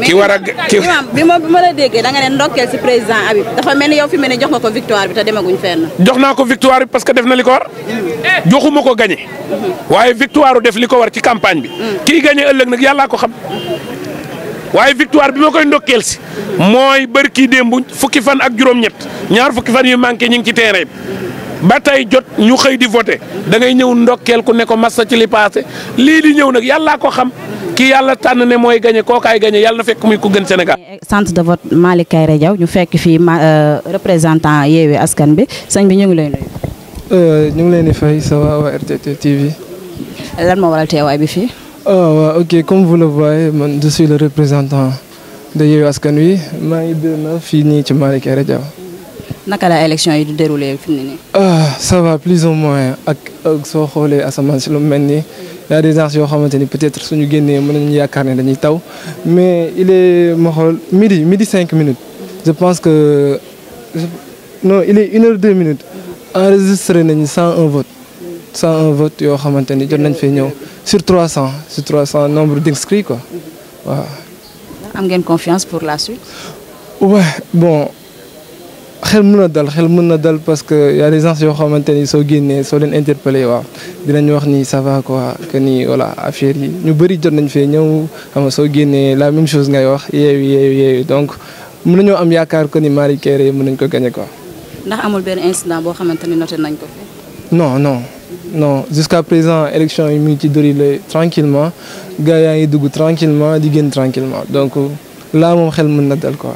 ki war a ki imam bi ma bi ma la déggee da nga ne ndokkeel si président Habib dafa mel ni yow fi mu ne jox nga ko victoire bi te demaguñ fenn. jox naa ko victoire bi parce que def na li ko war. Mm-hmm. joxuma ko gagné. Mm-hmm. waaye victoire def li ko war ci campagne bi. Mm. kii gagné ëllëg nag yàllaa ko xam. Mm-hmm. waaye victoire bi ma koy ndokkeel si. mooy bër kii démb fukki fan ak juróom-ñett ñaar fukki fan yu manqué ñu ngi ci terrain bi. ba tey jot ñu xëy di voté da ngay ñëw ndokkeel ku nekko ko massa ci li passé lii di ñëw nag yàllaa ko xam ki yàlla tànn ne mooy gagné kookaay gagné yàlla na fekk muy ko gën Sénégal. centre de vote Malick Kairé Diaw ñu fekk fii euh, représentant Yewwi Askan bi sëñ bi ñu ngi lay euh, ñu ngi leen di fay ça va waa RTT TV. lan moo waral teewaay bi fii. Ah, waaw ok comme vous le voyez man je suis le représentant de Askan Wi maa ngi déglu fii nii ci Malick Kairé naka la élection yi du dérouler fi mu ne nii. Ah, ça va plus ou moins ak soo xoolee asamaan si lu mel nii y a des gens yoo xamante ni peut-être suñu génnee mën nañu yaakaar ne dañuy taw mais il est ma xool midi midi cinq minutes. je pense que non il est une heure deux minutes enregistré nañu cent un vote cent un vote yoo xamante ni jot nañ fee ñëw sur trois cent sur trois cent nombre d'inscrits quoi waaw. am ngeen confiance pour la suite. xel mën na dal mën na dal parce que y a des yoo xamante ni soo génnee soo leen interpellé waaw dinañ wax ni ça va quoi que ni voilà affaire yi ñu bëri jot nañ fee ñëw xam soo génnee la même chose ngay wax yeewu yeewu yeewu donc mën nañoo am yaakaar que ni Marie Kéré mun nañ ko gagné ko ndax amul benn incident boo xamante ni noté nañ ko fi. non non non jusqu'à présent élection yi mu ngi ci déroulé tranquillement gars yaa ngi dugg tranquillement di génn tranquillement donc là moom xel mën na dal quoi.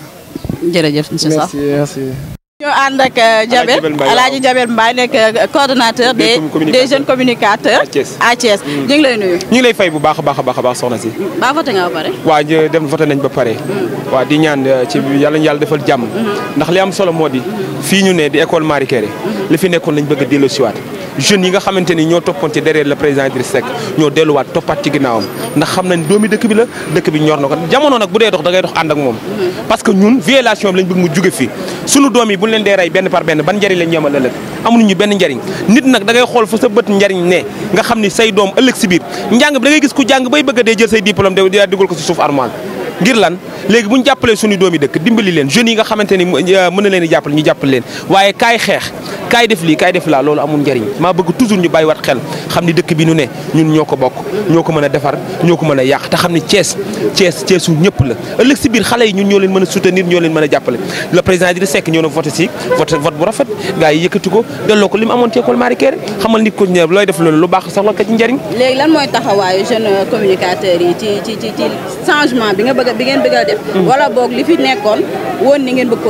jërëjëf monsieur ñoo ànd ak euh, Jabel Alaaji Jabel Mbaye nekk euh, coordonnateur des des jeunes communicateurs à Thiès mm. ñu ngi lay nuyu. ñu lay fay bu baax a baax a baax a baax soxna si. Mm. ba voté nga ba pare. waaw dem voté nañ ba pare. Mm. waaw di ñaan euh, ci yàlla yàlla defal jàmm. Mm-hmm. ndax li am solo moo di fii ñu ne di école Marie Kéré mm-hmm. li fi nekkoon lañ bëgg a delloosiwaat. jeunes yi nga xamante ni ñoo toppoon ci derrière le président Idriss Seck ñoo delluwaat toppaat ci ginnaawam ndax xam nañ doomi dëkk bi la dëkk bi ñor na ko jamono nag bu dee dox da ngay dox ànd moom parce que ñun violation bi lañ mu jóge fi sunu doom yi buñ leen dee rey benn par benn ban njëriñ lañ yemal ëllëg amuñu ñu benn njëriñ nit nag da xool fa sa bët njariñ ne nga xam ni say doom ëllëg si biir njàng bi da ngay gis ku jàng bay bëgg a dee jël say diplôme de ngir lan léegi bu ñu jàppalee suñu doomi dëkk dimbali leen jeunes yi nga xamante ni euh, mën na leen di jàppale ñu jàppale leen waaye kaay xeex kaay def lii kaay def laa loolu amul njariñ maa bëgg toujours ñu bàyyi wat xel xam ni dëkk bi nu ne ñun ñoo ko bokk ñoo ko mën a defar ñoo ko mën a yàq te xam ni Thiès Thiès Thièsu ñëpp la ëllëg si biir xale yi ñun ñoo leen mën a soutenir ñoo leen mën a jàppale le président Idrissa Seck ñëw na voté si vote vote bu rafet gars yi yëkkati ko delloo ko li mu bëgg a bi ngeen bëgg a def mm. wala boog li nekkoon woon ni ngeen bëgg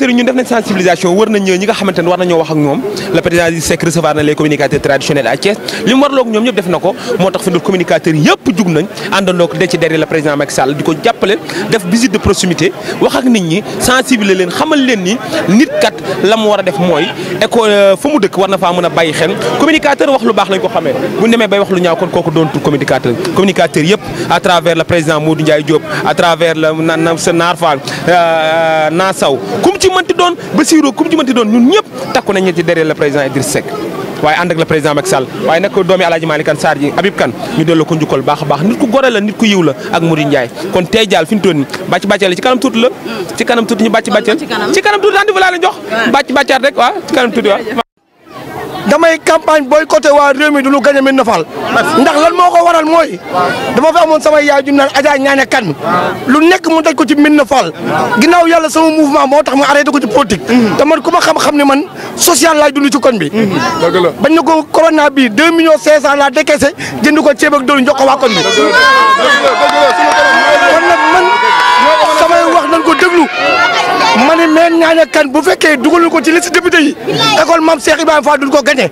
yi ñun def nañ sensibilisation wër nañ ñi na les communicateurs traditionnels à Thiès li ñoom ñëpp def na ko moo tax fi dul communicateurs yëpp jug nañ àndandoo ko de ko jàppale def de proximité wax ak leen xamal leen ni nit la mu war a mooy école euh, mu dëkk war na faa mën a bàyyi xel communicateur wax lu baax lañ ko bu ñu demee bay wax lu ñaaw kon kooku doon tur communicateur communicateur yëpp à travers le président Modou Ndiaye Diop à travers le na sa Naar Fall euh, euh, naa saw ku mu ci mënti doon Bassirou ku mu ci mënti doon ñun ñëpp takku nañu ci derrière le président Idriss waaye ànd ak le président Macky Sall waaye nag doomi Alaaji Malick Kan Sarr ji Habib Kane ñu delloo ko njukkal baax a baax nit ku gore la nit ku yiw la ak Mouride Ndiaye kon tey jaal fi ñu toll ci kanam tuuti la mm. ci kanam tuuti ñu bàcc bàcceel ci kanam tuuti rendez-vous laa leen jox bàcc bàccaat rek waaw damay campagne boycotté waa réew mi du lu gagné Médina Fall ndax lan moo ko waral mooy dama fi amoon sama yaay ju naan Adja kan lu nekk mu daj ko ci Médina Fall ginnaaw yàlla sama mouvement moo tax mu arrêté ko ci politique te man ma xam-xam ne man social laay dund ci koñ bi bañ na ko corona bi deux millions cinq cent laa décaissé jënd ko ceeb ak dëwlin ko waa koñ bi kon nag man samay wax nañ ko déglu ma ne maire Niania kan bu fekkee dugalu ko ci liste député yi école Mame Cheikh Ibrahima Fall ko gagné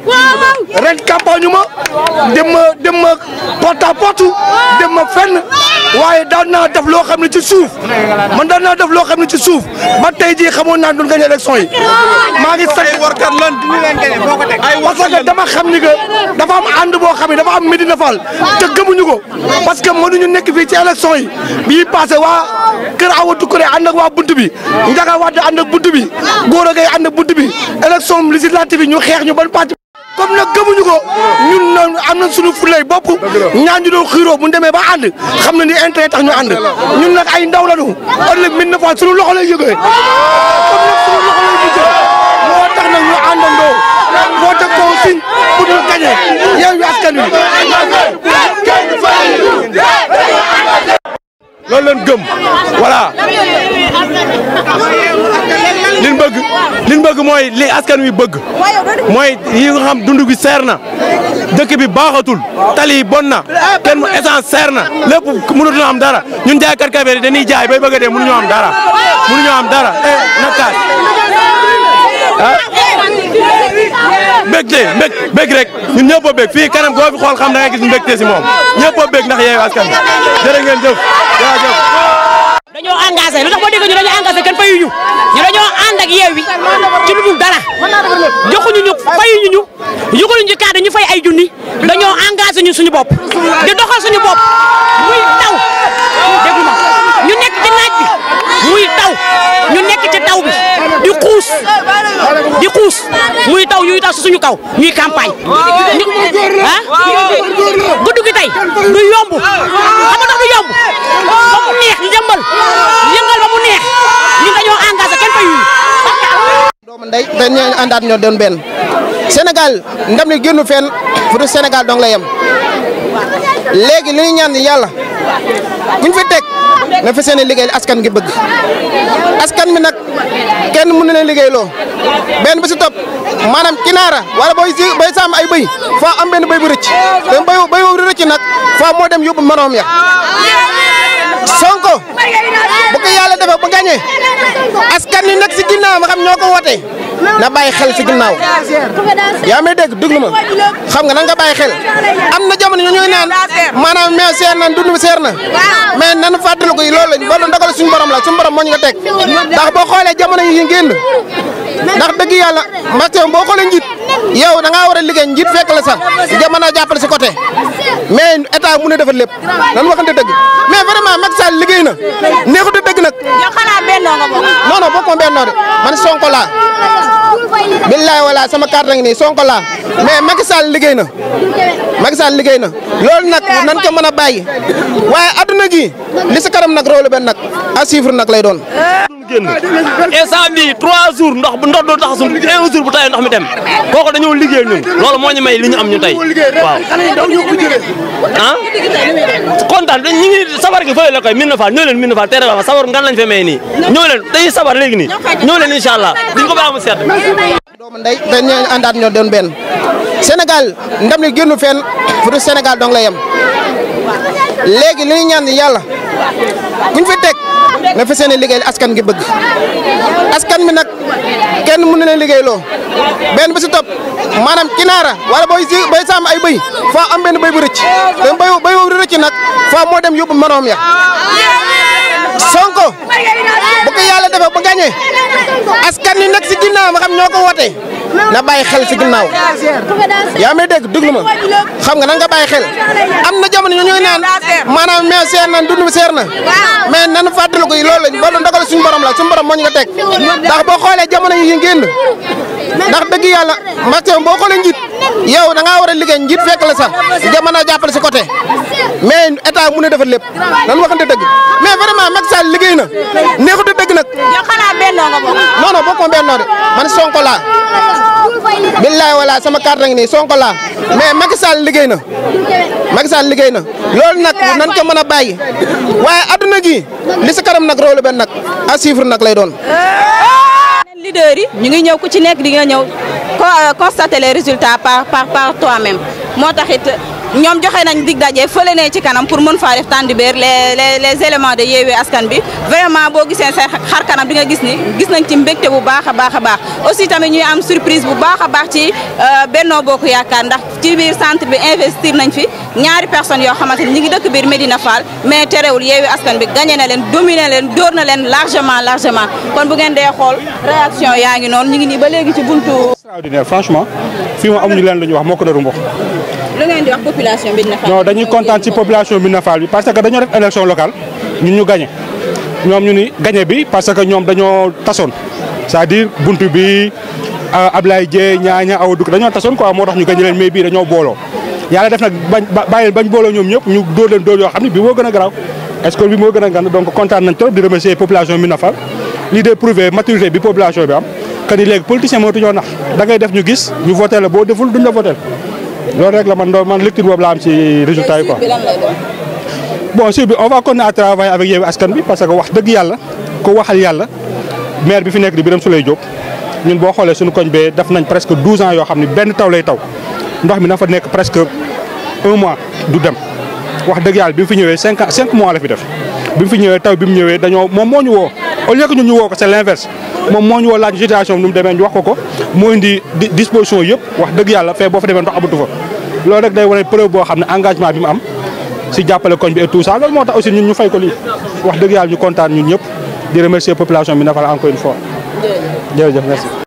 ren campagne ñu ma dem ma dem ma porte à porte dem ma fenn waaye daan na def loo xam ne ci suuf man daan naa def loo xam ne ci suuf ba tey ji xamoon naa duñ gagné élection yi maa ngi sant warkat lan parce que dama xam ni que dafa am ànd boo xam ne dafa am Médina Fall te gëmuñu ko parce que mënuñu nekk fii ci élection yi bii passé waa kër Awa Touré ànd ak waa bunt bi Isaka Wade ànd ak bunt bi Gora Gueye ànd ak bunt bi élection législative yi ñu xeex ñu ban parti comme na gëmuñu ko ñun noonu am na suñu fulay bopp ñaan ñu doo xiiroo bu ñu demee ba ànd xam na ni intérêt tax ñu ànd ñu nag ay ndaw lañu ëllëg min na fa suñu loxo lay yëgee comme nag suñu loxo lay mujjee moo tax nag ñu àndandoo voté consigne pour ñu gagné yow yu askan wi loolu leen gëm li liñ bëgg liñ bëgg mooy li askan wi bëgg mooy yi nga xam dund gi seer na dëkk bi baaxatul tali yi bon na kenn essence seer na lépp mënuñu am dara ñun jaaykat kafe yi dañuy jaay bay bëgg a dee mënuñu am dara mënuñu am dara eh nakaas ah? mbégte mbég mbég rek ñun ñëpp a bég fii kanam koo xool xam da nga gis mbégte si moom ñëpp a bég ndax Yewwi Askan Wi jërë ngeen jëf dañoo engagé lu tax boo dégg ñu dañoo engagé ñu ñu dañoo ànd ak Yewwi ci lu dara joxuñu ñu fayuñu ñu yëgaluñu ci cadre ñu fay ay junni dañoo engagé ñu suñu bopp di doxal suñu bopp muy taw ñu nekk ci naaj muy taw ñu nekk ci taw bi di xuus di xuus muy taw yuy taw si suñu kaw ñuy campagne ah gudd gi tey du yomb xam nga tax du yomb ba mu neex ñu jëmbal yëngal ba mu neex ñu dañoo engagé kenn fay yuy doomu ndey benn ñoo àndaat ñoo doon benn Sénégal ndam li génnu fenn fu du Sénégal dong la yem léegi li ñu ñaan yàlla buñ fi teg nga fas liggéey askan gi bëgg askan mi nag kenn mënu leen liggéeyloo benn bi si topp maanaam kinaara wala booy si booy saam ay bëy foo am benn bëy bu rëcc te bëy bëy bu rëcc nag foo moo dem yóbbu moroom ya sonko bu ko yàlla defee ba gañee askan wi nag si ginnaaw ma xam ñoo ko wootee na bàyyi xel si ginnaaw yaa may dégg déglu ma xam nga nan nga bàyyi xel am na jamono ñu ñuy naan maanaam a seer na dund seer na mais nan fàttaliku yi loolu lañ loolu ndogal suñu borom la suñu borom moo ñu ko teg ndax boo xoolee jamono yi génn ndax dëgg yàlla Mbacke boo xoolee njit yow da ngaa war a liggéey njit fekk la sax nga mën a jàppale si côté mais état mu ne defar lépp lan waxante dëgg mais vraiment Macky Sall liggéey na neexut dëgg nag. yow xanaa bennoo nga bennoo de man Sonko laa. billaay walaay sama carte ngi nii Sonko laa mais Macky liggéey na Macky Sall liggéey na loolu nag nan ko mën a bàyyi waaye adduna gi li si kanam nag réew la benn nag à nag lay doon. génn instant bii trois jours ndox bu ndox doon tax suñ un jour bu tawee ndox mi dem kooku dañoo liggéey ñun loolu moo ñu may li ñu am ñu tey waaw ah kontaan dañ ñu ngi sabar gi fële la koy mille neuf ñoo leen mille neuf teere fa sabar ngan lañ fe may nii ñoo leen dañuy sabar léegi nii ñoo leen incha allah diñ ko baax mu sedd doomu ndey dañu àndaat ñoo doon la yem léegi li ñu ñaan yàlla kuñ fi teg nga fas yéene liggéeyal askan gi bëgg askan mi nag kenn mën na leen liggéeyloo benn bi si topp maanaam inaara wala booy si bay saam ay bëy foo am benn bëy bu rëcc te béy béy bu rëcc nag faa moo dem yóbbu moroom ya sonko bu ko yàlla defee gañee askan wi nag si ginnaaw xam ñoo ko wootee na bàyyi xel si ginnaaw yaa may dégg déglu ma xam nga nan ga bàyyi xel am na jamono ñu ñooy naan maanaam meew a na dund bi seer na mais nan fàttali ko loolu ba doon dogal suñu borom la suñu borom moo ñu ko teg ndax boo xoolee jamono yi génn ndax dëgg yàlla maximum boo xoolee njiit yow da ngaa war a liggéey njiit fekk la sa sax a jàppale si côté mais état mu ne defar lépp nan waxante dëgg mais maa Macky Sall liggéey na neexut a dëgg nag. yow xanaa bennoo nga Sonko laa. billaay wala sama carte ngi nii Sonko la mais Macky Sall liggéey na Macky liggéey na loolu nag nan ko mën a bàyyi waaye adduna gi li si kanam nag roolu benn nag à suivre nag lay doon. li yi ñu ngi ñëw ku ci nekk di nga ñëw constater les résultats par par par moo taxit ñoom joxe nañ dig daje fële ne ci kanam pour mën faa def tàndibeer les les les éléments de yeewee askan bi vraiment boo gisee sa xar kanam di nga gis ni gis nañ ci mbégte bu baax a baax a baax aussi tamit ñuy am surprise bu baax a baax ci euh, Benno Bokk Yaakaar ndax ci biir centre bi investir nañ fi ñaari personnes yoo xamante ni ñi ngi dëkk biir Médina Fall mais terewul yeewee askan bi gagné na leen dominé leen dóor na leen largement largement kon bu ngeen dee xool réaction yaa ngi noonu ñu ngi nii ba léegi ci buntu. extraordinaire franchement fii moom amuñu leen lu ñu wax moo ko doon mboq la ngeen di wax population ci population bi nafaal bi parce que dañoo def élection locale ñun ñu gagné ñoom ñu ni gagné bi parce que ñoom dañoo tasoon c'est-à-dire buntu bi euh, Ablaye Dieng ñaaña aw dugg dañoo tasoon quoi moo tax ñu gagné leen mais bii dañoo booloo yàlla def nag bañ bàyyi booloo ñoom ñëpp ñu dóor leen dóor yoo xam ne bii moo gën a garaaw école bi moo gën a gànd donc kontaan nañ trop di remercier population bi nafaal lii de prouver maturité bi population bi am que ni léegi politicien mootu ñoo nax da ngay def ñu gis ñu voté la boo deful duñ la voté loolu rek la man loolu man lecture boobu laa am ci résultat yi quoi. bon suivi bi on va na à travailler avec Yewwi Askan bi parce que wax dëgg yàlla ko waxal yàlla maire bi fi nekk di su lay jóg ñun boo xoolee suñu koñ bee def nañ presque 12 ans yoo xam ne benn taw lay taw ndox mi na fa nekk presque un mois du dem wax dëgg yàlla bi mu fi ñëwee cinq ans mois la fi def bi mu fi ñëwee taw bi mu ñëwee dañoo moom moo ñu woo au lieu que ñun ñu woo ko c'est l'inverse moom moo ñu woo laaj situation bi mu demee ñu wax ko moo indi disposition yëpp wax dëgg yàlla fee boo fa demee ndox amatu fa loolu rek day wane preuve boo xam ne engagement bi mu am si jàppale koñ bi et tout loolu moo tax aussi ñun ñu fay ko lii wax dëgg yàlla ñu kontaan ñun ñëpp di remercier population bi Ndefleng encore une fois jërëjëf merci